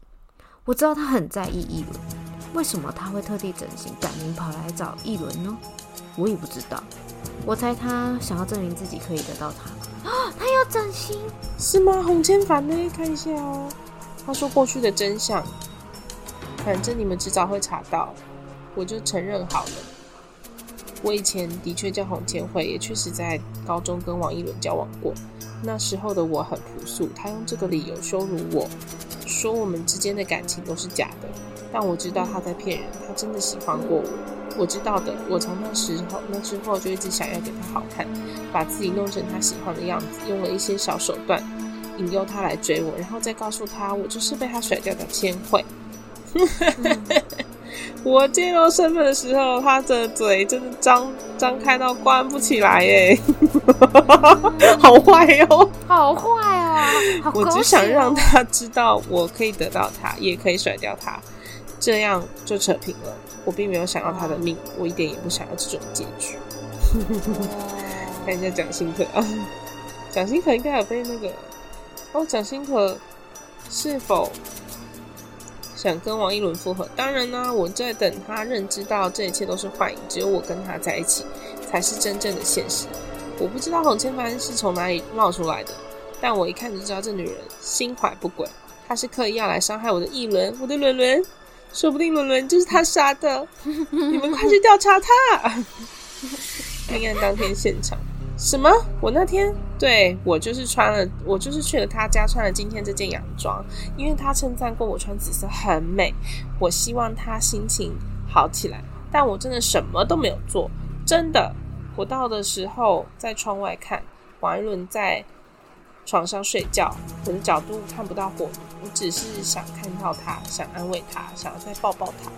我知道他很在意藝人，為什麼他會特地整形改名跑來找藝人呢？我也不知道。我猜他想要證明自己可以得到他。啊、哦，他要整形？是嗎？洪千帆呢？看一下哦。他說過去的真相，反正你們遲早會查到。我就承認好了。我以前的確叫洪千惠，也確實在高中跟王一倫交往過。那時候的我很樸素，他用這個理由羞辱我，說我們之間的感情都是假的。但我知道他在騙人，他真的喜歡過我。我知道的，我從那時候那之後就一直想要給他好看，把自己弄成他喜歡的樣子，用了一些小手段引誘他來追我，然後再告訴他我就是被他甩掉的千惠。 嗯我進入身份的時候，他的嘴真的張張開到關不起來耶，哎、 喔喔，好壞喲、喔，好壞哦，我只想讓他知道，我可以得到他，也可以甩掉他，這樣就扯平了。我並沒有想要他的命，我一點也不想要這種結局。 看一下蔣欣可啊，蔣欣可應該有被那個哦，蔣欣可是否？想跟王一倫復合，當然呢、啊，我在等他認知到這一切都是幻影，只有我跟他在一起才是真正的現實。我不知道董千帆是從哪裡冒出來的，但我一看就知道這女人心懷不軌，她是刻意要來傷害我的一倫，我的倫倫，說不定倫倫就是她殺的，你們快去調查她。命案 當天現場。什麼？我那天對，我就是穿了，我就是去了他家，穿了今天這件洋裝，因為他稱讚過我穿紫色很美。我希望他心情好起來，但我真的什麼都沒有做，真的。我到的時候在窗外看王一倫在床上睡覺，可能角度看不到火，我只是想看到他，想安慰他，想要再抱抱他。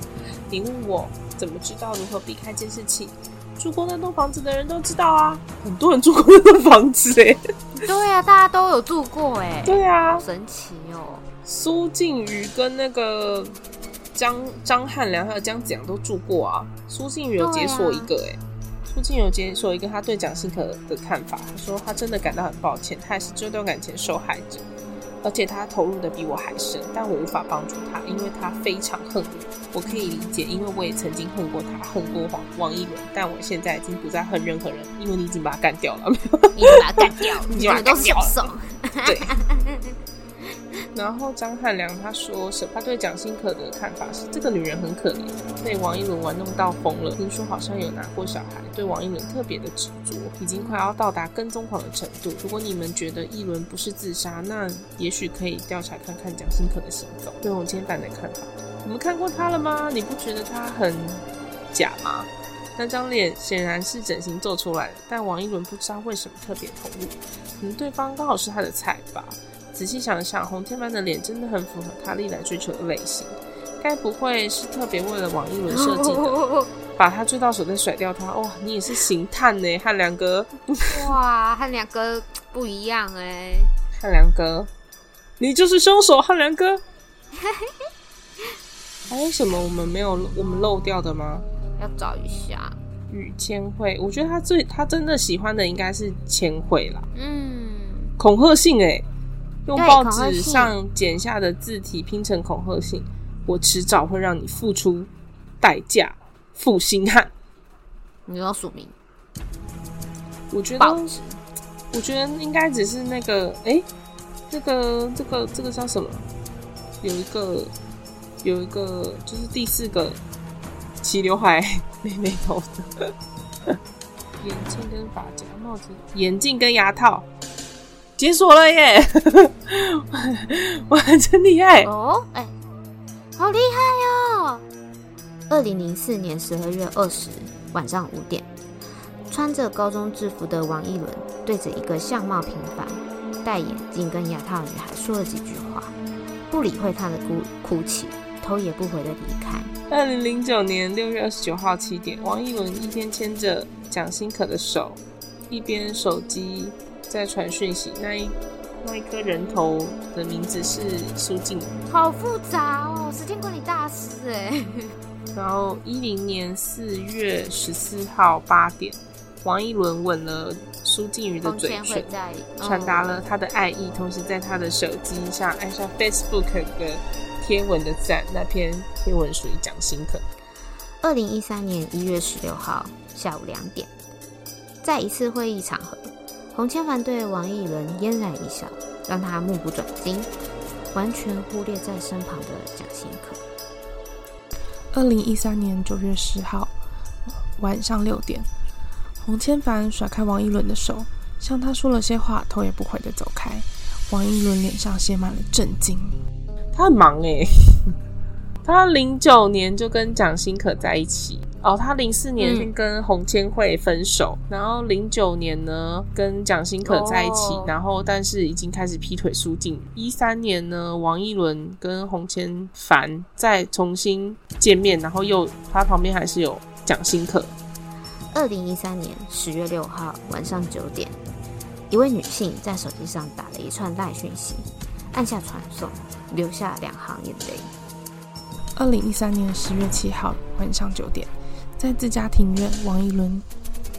你問我怎麼知道如何避開監視器？住過那棟房子的人都知道啊，很多人住過那棟房子哎、欸。對啊，大家都有住過哎、欸。對、啊、好神奇哦。蘇靜瑜跟那個張張漢良還有姜子陽都住過啊。蘇靜宇有解鎖一個哎、欸，蘇靜、啊、有解鎖一個他對蔣信可的看法，他說他真的感到很抱歉，他也是這段感情受害者。而且他投入的比我還深，但我無法幫助他，因為他非常恨我。我可以理解，因為我也曾經恨過他，恨過王王一倫，但我現在已經不再恨任何人，因為你已經把他幹掉了。你已經把他幹掉 你把他幹掉，他都送走。對。然後張漢良他說：“他帕對蔣欣可的看法是，這個女人很可憐，被王一倫玩弄到瘋了。聽說好像有拿過小孩，對王一倫特別的執着，已經快要到達跟蹤狂的程度。如果你們覺得一倫不是自殺，那也許可以調查看看蔣欣可的行蹤。”對洪千帆的看法，你們看過他了嗎？你不覺得他很假嗎？那張臉顯然是整形做出來的，但王一倫不知道為什麼特別投入，可、嗯、能對方剛好是他的菜吧。仔細想想，洪天曼的臉真的很符合他歷來追求的類型，該不會是特別為了王一文設計的？把他追到手再甩掉他？哇，你也是刑探呢、欸，漢良哥！ 哇，漢良哥不一樣哎、欸，漢良哥，你就是兇手，漢良哥！ 還有什麼我們沒有我們漏掉的嗎？要找一下雨千惠，我覺得他最他真的喜歡的應該是千惠啦。嗯，恐嚇性哎、欸。用報紙上剪下的字體拼成恐嚇信，我遲早會讓你付出代價，負心漢。你要署名？我覺得，報紙。我覺得應該只是那個，誒，這個，這個，這個叫什麼？有一個，有一個，就是第四個，齊劉海妹妹頭，眼鏡跟髮夾、帽子、眼鏡跟牙套。解鎖了耶 我！哇，真厲害哦！哎，好厲害哦！二零零四年十二月二十晚上五點，穿着高中制服的王一倫對着一個相貌平凡、戴眼鏡、跟牙套女孩說了幾句話，不理會她的哭哭泣，頭也不回的離開。二零零九年六月二十九號七點，王一倫一邊牽着蔣欣可的手，一邊手機。在傳訊息，那一那一顆人頭的名字是蘇靜瑜，好複雜哦，時間管理大師哎。然後一零年四月十四號八點，王一倫吻了蘇靜瑜的嘴唇，傳達了他的愛意，哦、同時在他的手機上按下 Facebook 的貼文的贊，那篇貼文屬於蔣新可。二零一三年一月十六號下午兩點，在一次會議場合。洪千帆對王一倫嫣然一笑，讓他目不轉睛，完全忽略在身旁的蔣欣可。二零一三年九月十號晚上六點，洪千帆甩開王一倫的手，向他說了些話，頭也不回地走開。王一倫臉上寫滿了震驚，他很忙耶。 他零九年就跟蔣欣可在一起哦，他零四年跟洪千惠分手，嗯、然後零九年呢跟蔣欣可在一起，哦、然後但是已經開始劈腿輸進。一三年呢，王一倫跟洪千帆再重新見面，然後又他旁邊還是有蔣欣可。二零一三年十月六號晚上九點，一位女性在手機上打了一串賴訊息，按下傳送，留下兩行眼淚。二零一三年十月七號晚上九點，在自家庭院，王一倫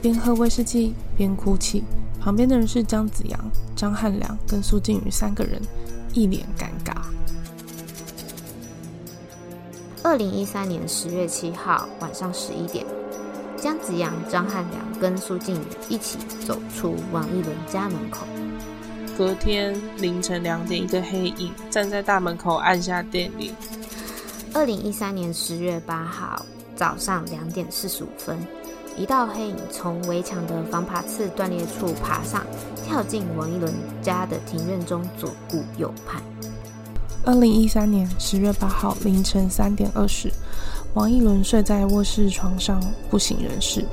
邊喝威士忌邊哭泣，邊哭泣，旁邊的人是姜子陽、張漢良跟蘇靖宇三個人，一臉尷尬。二零一三年十月七號晚上十一點，姜子陽、張漢良跟蘇靖宇一起走出王一倫家門口。隔天凌晨兩點，一個黑影站在大門口按下電鈴。二零一三年十月八號早上兩點四十五分，一道黑影從圍牆的防爬刺斷裂處爬上，跳進王一倫家的庭院中左顧右盼。二零一三年十月八號凌晨三點二十，王一倫睡在臥室床上不省人事，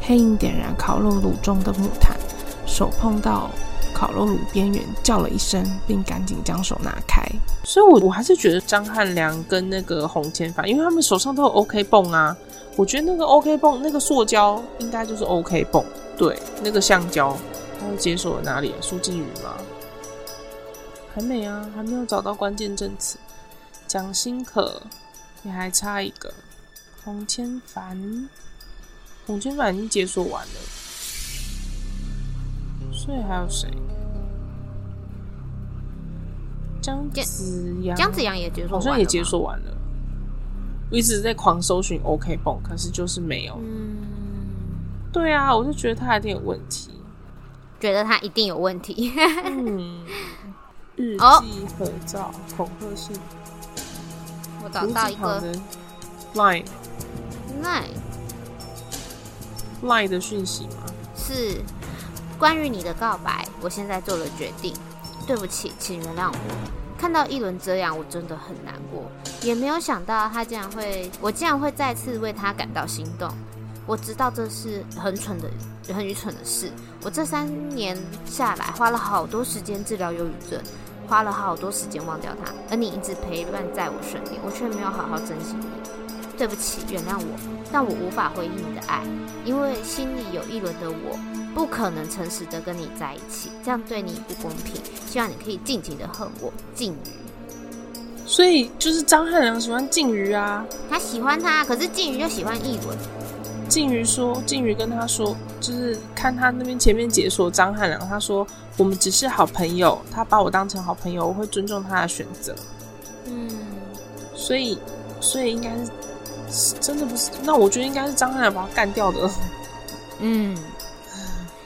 黑影點燃烤肉爐中的木炭，手碰到。烤肉爐邊緣叫了一聲，並趕緊將手拿開。所以我，我我還是覺得張漢良跟那個洪千凡，因為他們手上都有 OK 繃啊。我覺得那個 OK 繃，那個塑膠應該就是 OK 繃。對，那個橡膠，它解鎖了哪裡啊？蘇靜宇嗎？還沒啊，還沒有找到關鍵證詞。蔣欣可，你還差一個。洪千凡，洪千凡已經解鎖完了。對，還有誰？姜子牙，姜子牙也結束了，好像也結束完了。我一直在狂搜尋 OK 蹦，可是就是沒有。嗯，對啊，我就覺得他有點問題，覺得他一定有問題。日記合照，哦，恐嚇信。我找到一個 line line line 的訊息嗎？是。關於你的告白，我現在做了決定。對不起，請原諒我。看到一輪這樣，我真的很難過。也沒有想到他竟然會，我竟然會再次為他感到心動。我知道這是很蠢的、很愚蠢的事。我這三年下來，花了好多時間治療憂鬱症，花了好多時間忘掉他。而你一直陪伴在我身邊，我卻沒有好好珍惜你。對不起，原諒我。但我無法回應你的愛，因為心裡有一輪的我。不可能誠實的跟你在一起，這樣對你不公平。希望你可以盡情的恨我，靜瑜。所以就是張漢良喜歡靜瑜啊，他喜歡他，可是靜瑜就喜歡易文。靜瑜說，靜瑜跟他說，就是看他那邊前面解鎖張漢良，他說，我們只是好朋友，他把我當成好朋友，我會尊重他的選擇。嗯，所以所以應該是，是真的不是，那我覺得應該是張漢良把他幹掉的。嗯。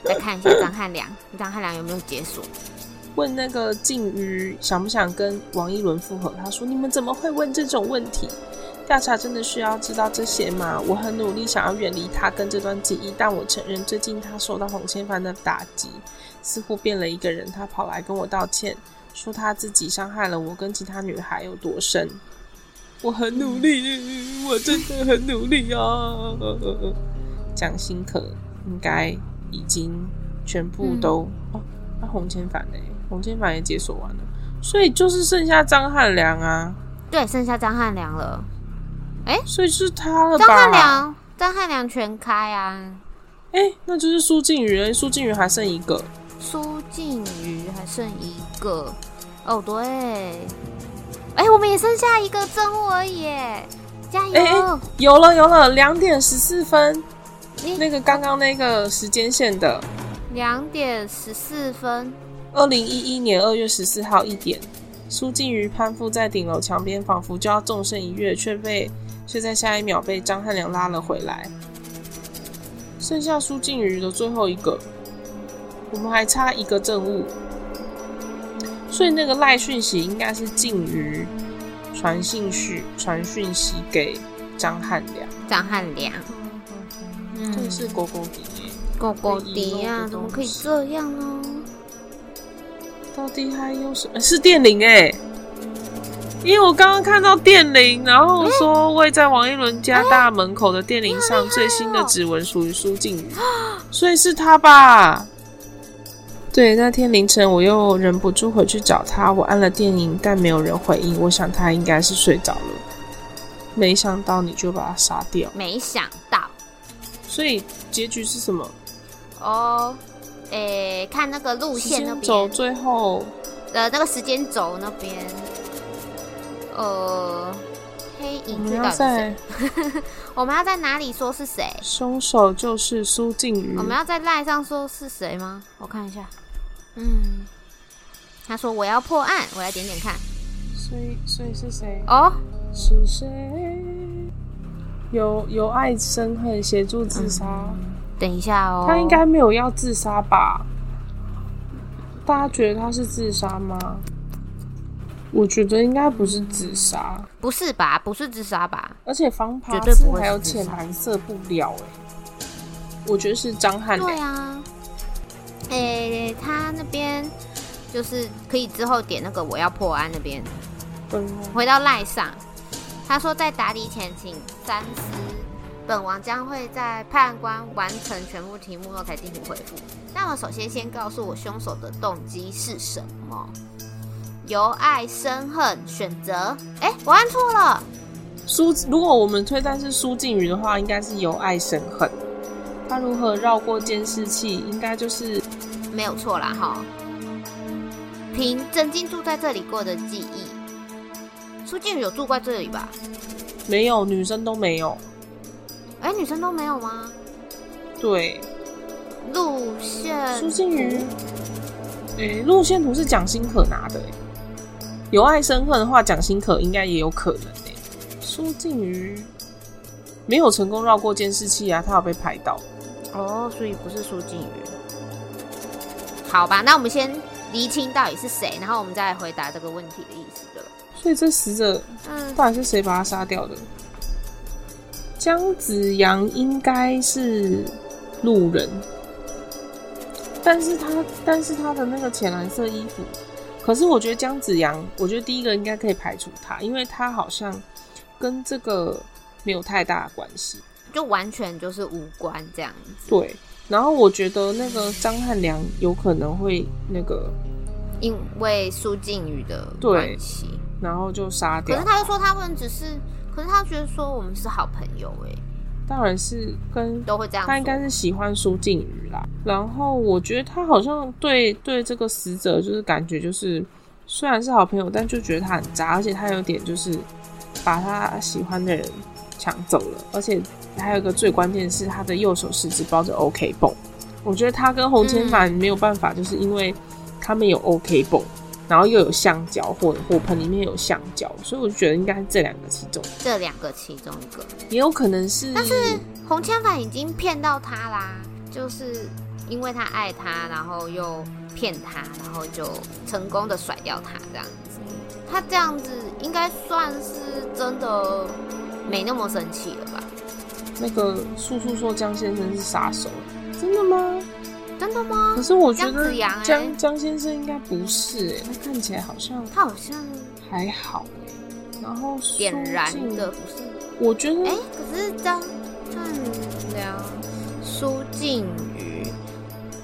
再看一下張漢良，張漢良有沒有解鎖？問那個靜瑜想不想跟王一倫復合？他說：“你們怎麼會問這種問題？調查真的需要知道這些嗎？”我很努力想要遠離他跟這段記憶，但我承認最近他受到洪千帆的打擊，似乎變了一個人。他跑來跟我道歉，說他自己傷害了我跟其他女孩有多深。嗯、我很努力，我真的很努力啊！蔣新可應該。已經全部都、嗯、哦，那洪千帆嘞？洪千帆也解鎖完了，所以就是剩下張漢良啊，對，剩下張漢良了，哎、欸，所以是他了，張漢良，張漢良全開啊，哎、欸，那就是蘇靜宇了，蘇靜宇還剩一個，蘇靜宇還剩一個，哦對，哎、欸，我們也剩下一個證物而已，加油、欸，有了有了，兩點十四分。那個剛剛那個時間線的兩點十四分，二零一一年二月十四號一點，蘇靜瑜攀附在頂樓牆邊，仿佛就要縱身一躍，卻被卻在下一秒被張漢良拉了回來。剩下蘇靜瑜的最後一個，我們還差一個證物，所以那個賴訊息應該是靜瑜傳訊息傳訊息給張漢良，張漢良。這是狗狗迪，狗狗迪啊！怎麼可以這樣呢？到底還有什麼、欸？是電鈴哎、欸，因為我剛剛看到電鈴，然後說位在王一倫家大門口的電鈴上，最新的指紋屬於蘇靜，欸欸哦、所以是他吧？對，那天凌晨我又忍不住回去找他，我按了電鈴，但沒有人回應，我想他應該是睡着了。沒想到你就把他殺掉，沒想到。所以結局是什麼？哦，誒、欸，看那個路線那邊走，最後呃，那個時間軸那邊，呃，黑影。我們要在 我們要在哪裡說是誰？凶手就是蘇靜瑜。我們要在 Line 上說是誰嗎？我看一下，嗯，他說我要破案，我來點點看，所以，所以是誰？哦，是誰？由由愛生恨，協助自殺、嗯。等一下哦，他應該沒有要自殺吧？大家覺得他是自殺嗎？我覺得應該不是自殺，不是吧？不是自殺吧？而且方帕是還有淺藍色布料、欸，我覺得是張翰、欸。對啊，欸、他那邊就是可以之後點那個我要破案那邊，啊、回到 Line 上。他說，在答題前請三思，本王將會在判官完成全部題目後才進行回復。那我首先先告訴我兇手的動機是什麼？由愛生恨選擇，選擇。哎，我按錯了。蘇，如果我們推斷是蘇靜瑜的話，應該是由愛生恨。他如何繞過監視器？應該就是沒有錯啦。哈，憑曾經住在這裡過的記憶。蘇靜瑜有住過在這裡吧？沒有，女生都沒有。哎、欸，女生都沒有嗎？對。路線圖蘇靜瑜，哎、欸，路線圖是蔣欣可拿的、欸。有愛生恨的話，蔣欣可應該也有可能、欸。蘇靜瑜沒有成功繞過監視器啊，他有被拍到。哦，所以不是蘇靜瑜。好吧，那我們先釐清到底是誰，然後我們再來回答這個問題的意思。所以這死者，嗯，到底是誰把他殺掉的？嗯、姜子陽應該是路人，但是他但是他的那個淺藍色衣服，可是我覺得姜子陽，我覺得第一個應該可以排除他，因為他好像跟這個沒有太大的關係，就完全就是無關這樣子。對，然後我覺得那個張漢良有可能會那個，因為蘇靖宇的關係。對然後就殺掉。可是他又說他們只是，可是他覺得說我們是好朋友誒。當然是跟都會這樣。他應該是喜歡蘇靜瑜啦。然後我覺得他好像對對這個死者就是感覺就是，雖然是好朋友，但就覺得他很渣，而且他有點就是把他喜歡的人搶走了。而且還有一個最關鍵是他的右手食指包着 OK 繃，我覺得他跟洪千滿沒有辦法，就是因為他們有 OK 繃。然後又有橡膠，或者火盆裡面有橡膠，所以我就覺得應該這兩個其中，這兩個其中一個也有可能是。但是洪千帆已經騙到他啦，就是因為他愛他，然後又騙他，然後就成功的甩掉他這樣子。他這樣子應該算是真的沒那麼生氣了吧？那個叔叔說江先生是殺手，真的嗎？真的嗎？可是我覺得江張、欸、先生應該不是、欸，哎，他看起來好像好、欸、他好像還好，然後蘇靜的不是，我覺得哎、欸，可是張漢良、蘇、嗯、靜宇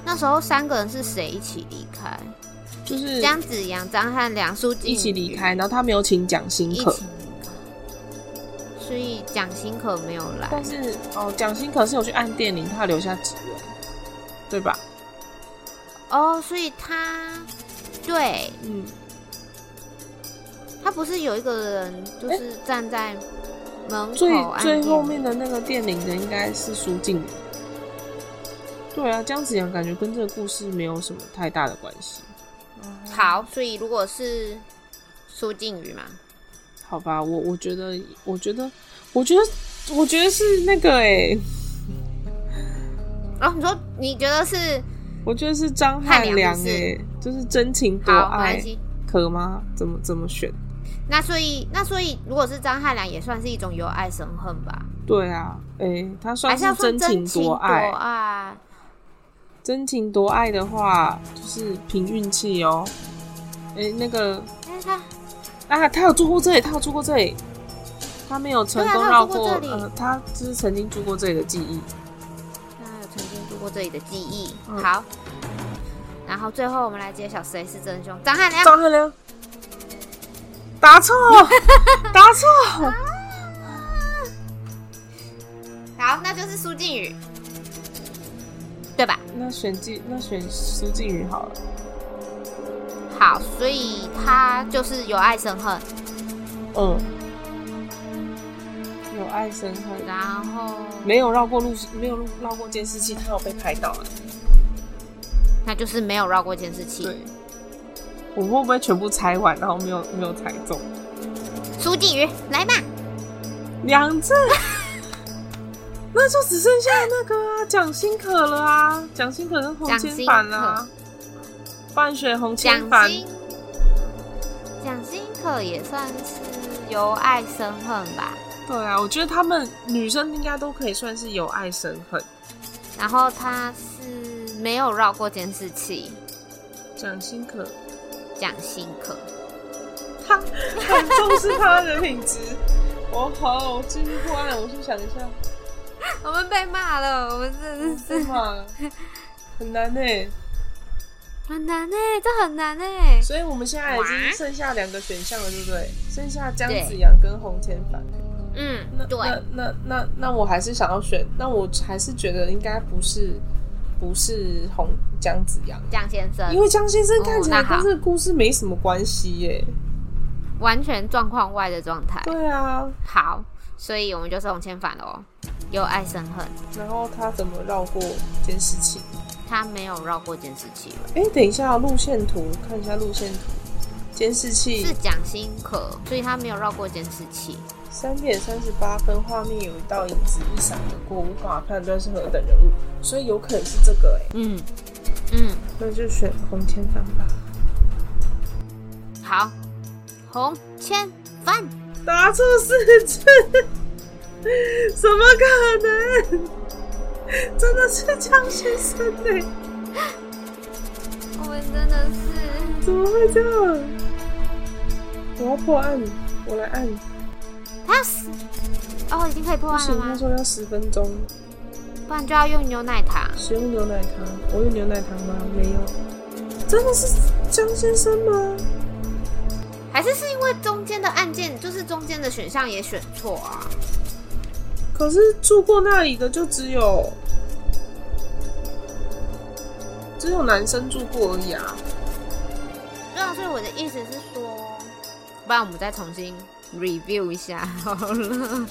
那時候三個人是誰一起離開？就是江子陽、張漢良、蘇靜一起離開，然後他沒有請蔣新可，所以蔣欣可沒有來。但是哦，蔣欣可是有去按電鈴，他留下指紋對吧？哦，oh, 所以他對，嗯，他不是有一個人，就是站在、欸、門最最後面的那個店裡的應該是蘇靖宇。對啊，姜子牙感覺跟這個故事沒有什麼太大的關係。嗯、好，所以如果是蘇靖宇嘛，好吧，我我覺得，我覺得，我覺得，我覺得，我覺得是那個哎。然後、哦、你說你覺得是？我覺得是張翰良哎，良是，是就是真情多愛，可嗎？怎麼怎麼選？那所以那所以，所以如果是張翰良，也算是一種由愛生恨吧？對啊，哎、欸，他算是真情多愛。真情多愛，真情多愛的話，就是憑運氣哦。哎、欸，那個，欸、他啊，他有住過這裡，他有住過這裡，他沒有成功繞過。啊、過這裡，呃，他就是曾經住過這裡的記憶。我這裡的記憶，嗯、好。然後最後我們來揭曉誰是真兇，張漢良，張漢良，答錯， 答錯、啊。好，那就是蘇靜宇，對吧？那選靜，那選蘇靜宇好了。好，所以他就是由愛生恨，嗯、呃。愛生恨，然後沒有繞過路，沒有繞繞過監視器，他有被拍到，那就是沒有繞過監視器。我會不會全部拆完，然後沒有沒有踩中？蘇靜瑜，來吧，兩次制 那就只剩下那個蔣、啊、新可了啊！蔣新可跟洪千帆啊，半血洪千帆，蔣新、新可也算是由愛生恨吧。對啊，我覺得他們女生應該都可以算是由愛生恨。然後他是沒有繞過監視器。蔣新可，蔣新可，他很重視他的品質。我、 哦、好，我繼續過案，我是想一下。我們被罵了，我們是是嗎？很難誒、欸，很難誒、欸，這很難誒、欸。所以我們現在已經剩下兩個選項了，對不對？剩下姜子陽跟洪天凡。嗯，那對那那那那我還是想要選，那我還是覺得應該不是不是紅，江紫陽，江先生，因為江先生看起來跟這個故事沒什麼關係耶、嗯，完全狀況外的狀態。對啊，好，所以我們就是洪千帆了哦，由愛生恨。然後他怎麼繞過監視器？他沒有繞過監視器了。哎、欸，等一下、哦、路線圖，看一下路線圖。監視器是蔣新可，所以他沒有繞過監視器。三點三十八分，畫面有一道影子一閃而過，無法判斷是何等人物，所以有可能是這個哎、欸嗯。嗯嗯，那就選紅千帆吧。好，紅千帆答錯四次，怎 麼可能？ 真的是江先生哎！ 我們真的是怎麼會這樣？我要破案，我來按。他要死哦，已經可以破案了。不行，他說要十分鐘，不然就要用牛奶糖。使用牛奶糖，我用牛奶糖嗎？沒有。真的是江先生嗎？還是是因為中間的按鍵，就是中間的選項也選錯啊？可是住過那裡的就只有只有男生住過而已啊。對啊，所以我的意思是說，不然我們再重新。Review 一下好了，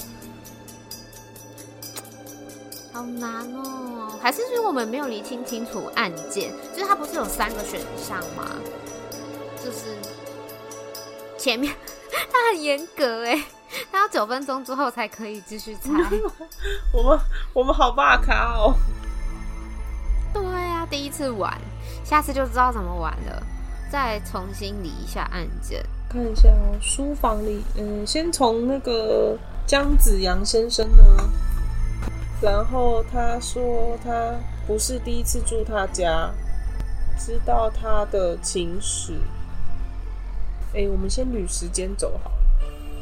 好難哦、喔，還是因為我們沒有理清清楚案件，就是它不是有三個選項嗎？就是前面它很嚴格哎，它要九分鐘之後才可以繼續猜，我們我們好 bug 哦。對啊，第一次玩，下次就知道怎麼玩了，再重新理一下案件。看一下、哦、書房裡，嗯，先從那個姜子陽先生呢，然後他說他不是第一次住他家，知道他的情史。哎、欸，我們先捋時間走好，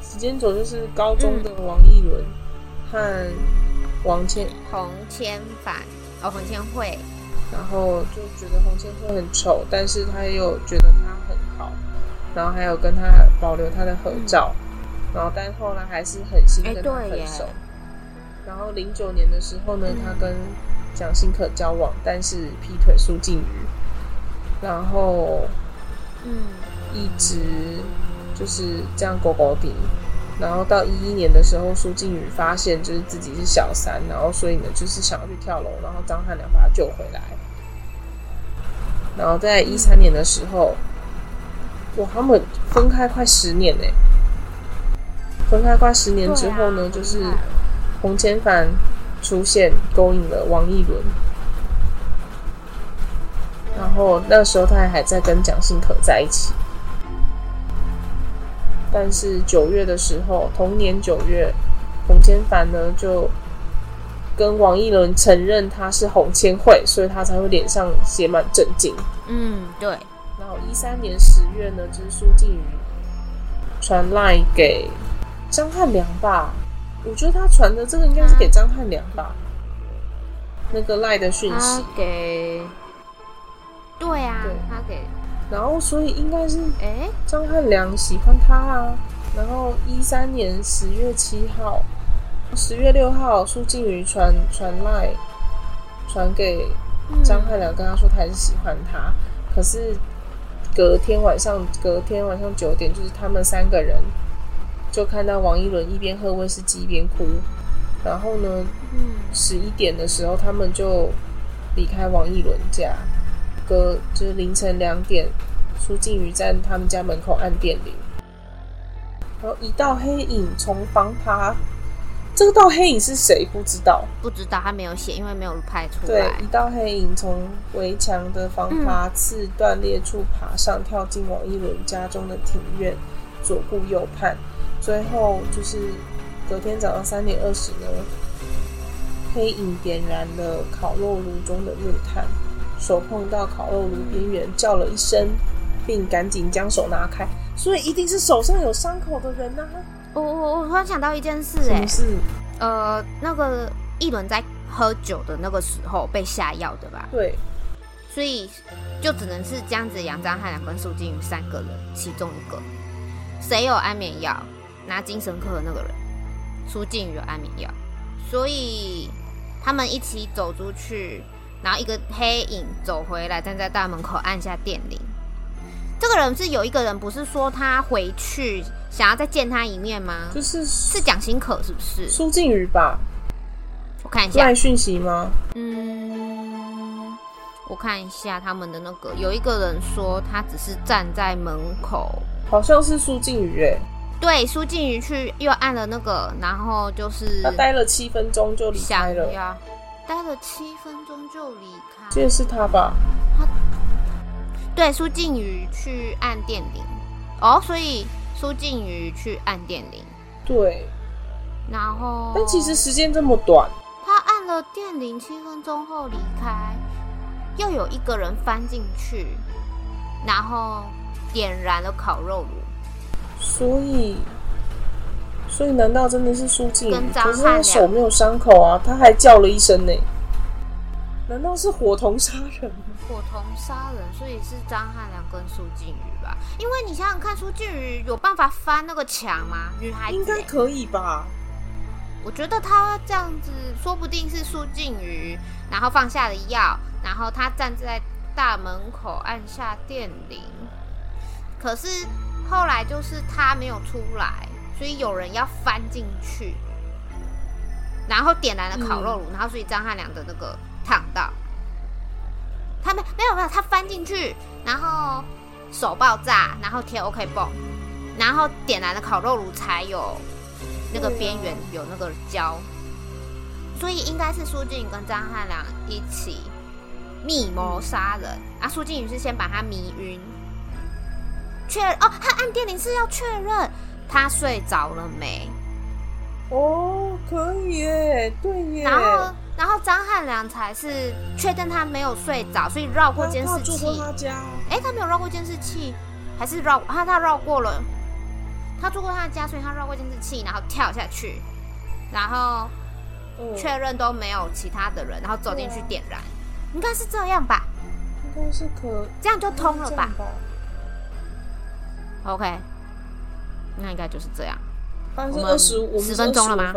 時間走就是高中的王一倫和王千、嗯、洪千，洪千凡哦，洪千惠，然後就覺得洪千惠很醜，但是他又覺得他很好。然後還有跟他保留他的合照，嗯、然後但後來還是狠心跟他分手。哎、然後零九年的時候呢，嗯、他跟蔣欣可交往，但是劈腿蘇靜宇。然後，一直就是這樣勾勾頂，然後到一一年的時候，蘇靜宇發現就是自己是小三，然後所以呢，就是想要去跳樓，然後張漢良把他救回來。然後在一三年的時候。嗯哇，他們分開快十年呢！分開快十年之後呢，啊、就是洪千帆出現勾引了王一倫，啊、然後那時候他還還在跟蔣欣可在一起。但是九月的時候，同年九月，洪千帆呢就跟王一倫承認他是洪千惠，所以他才會臉上寫滿震驚。嗯，對。然後一三年十月呢，就是蘇靜瑜傳賴給張漢良吧，我覺得他傳的這個應該是給張漢良吧，啊、那個賴的訊息他給，對啊，他給，然後所以應該是，哎，張漢良喜歡他啊。欸、然後一三年十月七號，十月六號，蘇靜瑜傳傳賴傳給張漢良，跟他說他很喜歡他，嗯、可是。隔天晚上，隔天晚上九點，就是他們三個人就看到王一倫一邊喝威士忌一邊哭。然後呢，十一、嗯、點的時候，他們就離開王一倫家，隔就是凌晨兩點，蘇敬雨在他們家門口按電鈴，然後一道黑影從房爬。這個道黑影是誰？不知道，不知道，他沒有寫，因為沒有拍出來。對，一道黑影從圍牆的防滑刺斷裂處爬上，嗯、跳進王一倫家中的庭院，左顧右盼。最後就是隔天早上三點二十呢，嗯、黑影點燃了烤肉爐中的木炭，手碰到烤肉爐邊緣，嗯、叫了一聲，並趕緊將手拿開。所以一定是手上有傷口的人吶、啊。我我我突然想到一件事、欸，哎，是，呃，那個一輪在喝酒的那個時候被下藥的吧？對，所以就只能是這樣子、楊章漢兩跟蘇靜瑜三個人其中一個，誰有安眠藥？拿精神科的那個人，蘇靜瑜有安眠藥，所以他們一起走出去，然後一個黑影走回來，站在大門口按下電鈴。這個人是有一個人，不是說他回去想要再見他一面嗎？就是是蔣欣可，是不是？蘇靜瑜吧，我看一下賴訊息嗎？嗯，我看一下他們的那個，有一個人說他只是站在門口，好像是蘇靜瑜誒。對，蘇靜瑜去又按了那個，然後就是他待了七分鐘就離開了呀，待了七分鐘就離開，這是他吧？他對，蘇靜瑜去按電鈴。哦、oh，所以蘇靜瑜去按電鈴。對，然後。但其實時間這麼短。他按了電鈴七分鐘後離開，又有一個人翻進去，然後點燃了烤肉爐。所以，所以難道真的是蘇靜？跟，可是他手沒有傷口啊，他還叫了一聲呢。難道是夥同殺人？夥同殺人，所以是張漢良跟蘇靜瑜吧？因為你想想看，蘇靜瑜有辦法翻那個牆嗎？女孩子應該可以吧？我覺得他這樣子，說不定是蘇靜瑜，然後放下了藥，然後他站在大門口按下電鈴，可是後來就是他沒有出來，所以有人要翻進去，然後點燃了烤肉爐，嗯、然後所以張漢良的那個燙到。他沒沒有沒有，他翻進去，然後手爆炸，然後貼 OK 繃，然後點燃了烤肉爐，才有那個邊緣有那個膠，啊、所以應該是蘇靜宇跟張漢良一起密謀殺人，嗯、啊！蘇靜宇是先把他迷暈，確哦，他按電鈴是要確認他睡着了沒？哦，可以耶，對耶，然後。然後張漢良才是確定他沒有睡着，所以繞過監視器。哎、欸，他沒有繞過監視器，還是繞？他他繞過了，他住過他的家，所以他繞過監視器，然後跳下去，然後確認都沒有其他的人，然後走進去點燃，哦，對啊，應該是這樣吧？應該是可這樣就通了吧，吧？OK，那應該就是這樣。反正15，我們十分鐘了嗎？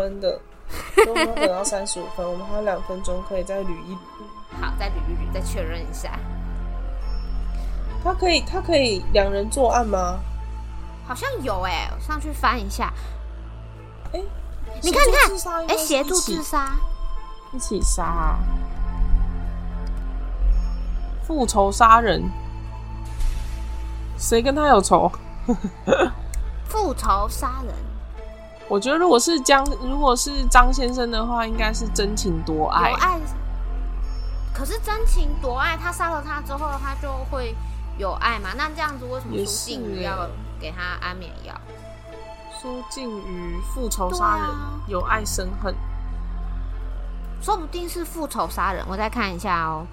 我們要等到三十五分，我們還有兩分鐘可以再捋一捋。好，再捋一捋，再確認一下。他可以，他可以兩人作案嗎？好像有哎、欸，我上去翻一下。哎、欸，你看，你看，哎，協助自殺，一起殺，復、欸、仇殺人，誰跟他有仇？復 仇殺人。我覺得如果是江，如果是張先生的話，應該是真情奪愛,愛。可是真情奪愛，他殺了他之後，他就會有愛嘛？那這樣子為什麼蘇靜宇要給他安眠藥？蘇、欸、靜宇復仇殺人，啊、有愛生恨，說不定是復仇殺人。我再看一下哦，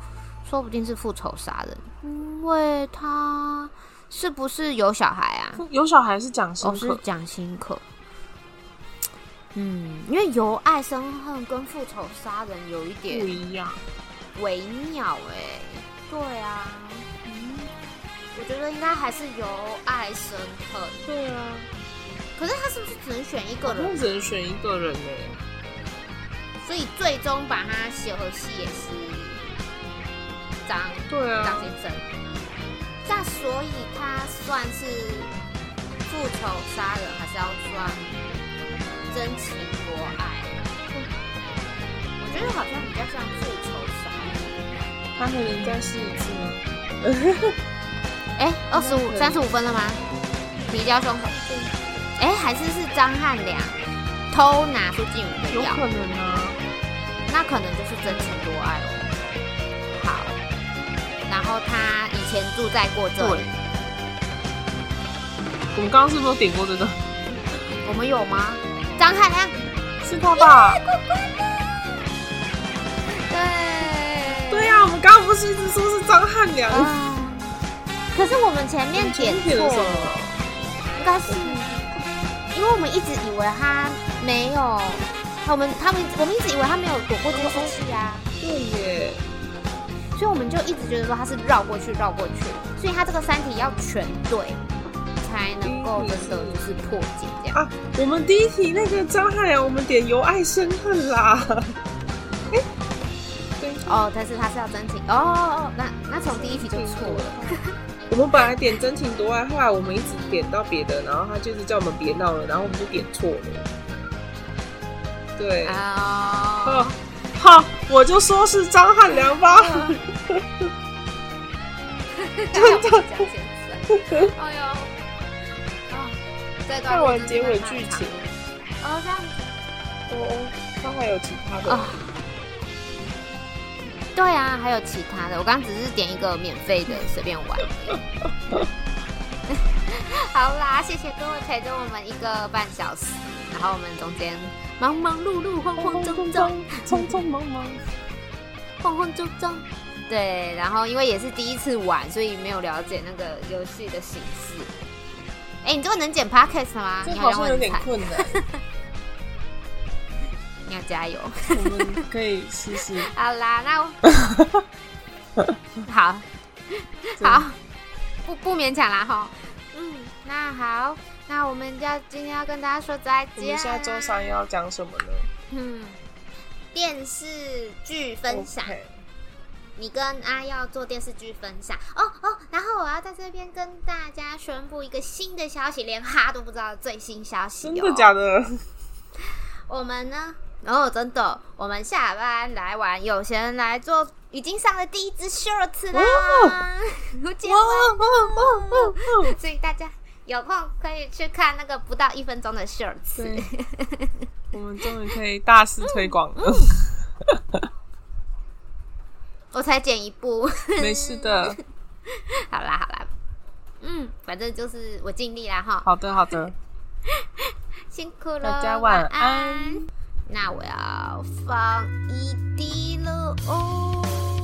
說不定是復仇殺人，因為他是不是有小孩啊？有小孩是蔣不是蔣新可。哦嗯，因為由愛生恨跟復仇殺人有一點不一樣，微妙哎、欸，對啊，嗯，我覺得應該還是由愛生恨。對啊，可是他是不是只能選一個人？啊、他只能選一個人哎、欸，所以最終把他寫和戲也是張對啊張先生，那所以他算是復仇殺人，還是要算？真情多愛，嗯、我覺得好像比較像復仇殺。他和人家是一對嗎？二十五三十五分了嗎？嗯、比較凶。哎、嗯欸，還是是張漢良、嗯、偷拿蘇靜瑜的藥？有可能嗎、啊？那可能就是真情多愛哦。好，然後他以前住在過這裡。我們剛剛是不是有點過這個。 我們有嗎？張漢良，是他爸，啊，乖乖乖乖對。對啊，我們剛剛不是一直說是張漢良？嗯、啊。可是我們前面點錯了。應該是，因為我們一直以為他沒有，我們他們我們一直以為他沒有躲過這個東西啊。對耶。所以我們就一直覺得說他是繞過去繞過去，所以他這個三題要全對。才能夠的時候就是破解這樣啊！我們第一題那個張漢良，我們點由愛生恨啦。哦、欸，oh, 但是他是要真情哦。Oh, oh, oh, oh, oh, oh, 那那從第一題就錯了。了 我們本來點真情奪愛，後來我們一直點到別的，然後他就是叫我們別鬧了，然後我們就點錯了，對好，uh、oh, oh, 我就說是張漢良吧。哎呦。 看完結尾劇情，哦，這樣子，哦，它還有其他的，對啊，還有其他的。我剛剛只是點一個免費的，隨便玩而已。好啦，謝謝各位陪着我們一個半小時。然後我們中間忙忙碌碌，慌慌張張，匆匆忙忙，慌慌張張。對，然後因為也是第一次玩，所以沒有了解那個遊戲的形式。哎、欸，你這個能剪 Podcast 嗎？這好像有點困難。你要加油，我們可以試試。 好啦，那我 好，對好，不不勉強啦齁。嗯，那好，那我們要今天要跟大家說再見。我們下周三要講什麼呢？嗯，電視劇分享。Okay. 你跟阿耀做電視劇分享哦哦。然後我要在這邊跟大家宣布一個新的消息，連哈都不知道的最新消息。哦，真的假的？我們呢？然、哦、後真的，哦，我們下班來玩，有閒來坐，已經上了第一支 shorts 啦！所以大家有空可以去看那個不到一分鐘的 shorts， 我們終於可以大肆推廣了。嗯。嗯 我才剪一部，沒事的。 好啦好啦，嗯，反正就是我盡力了哈。好的好的， 辛苦了囉，大家晚安。晚安。那我要放一滴了哦。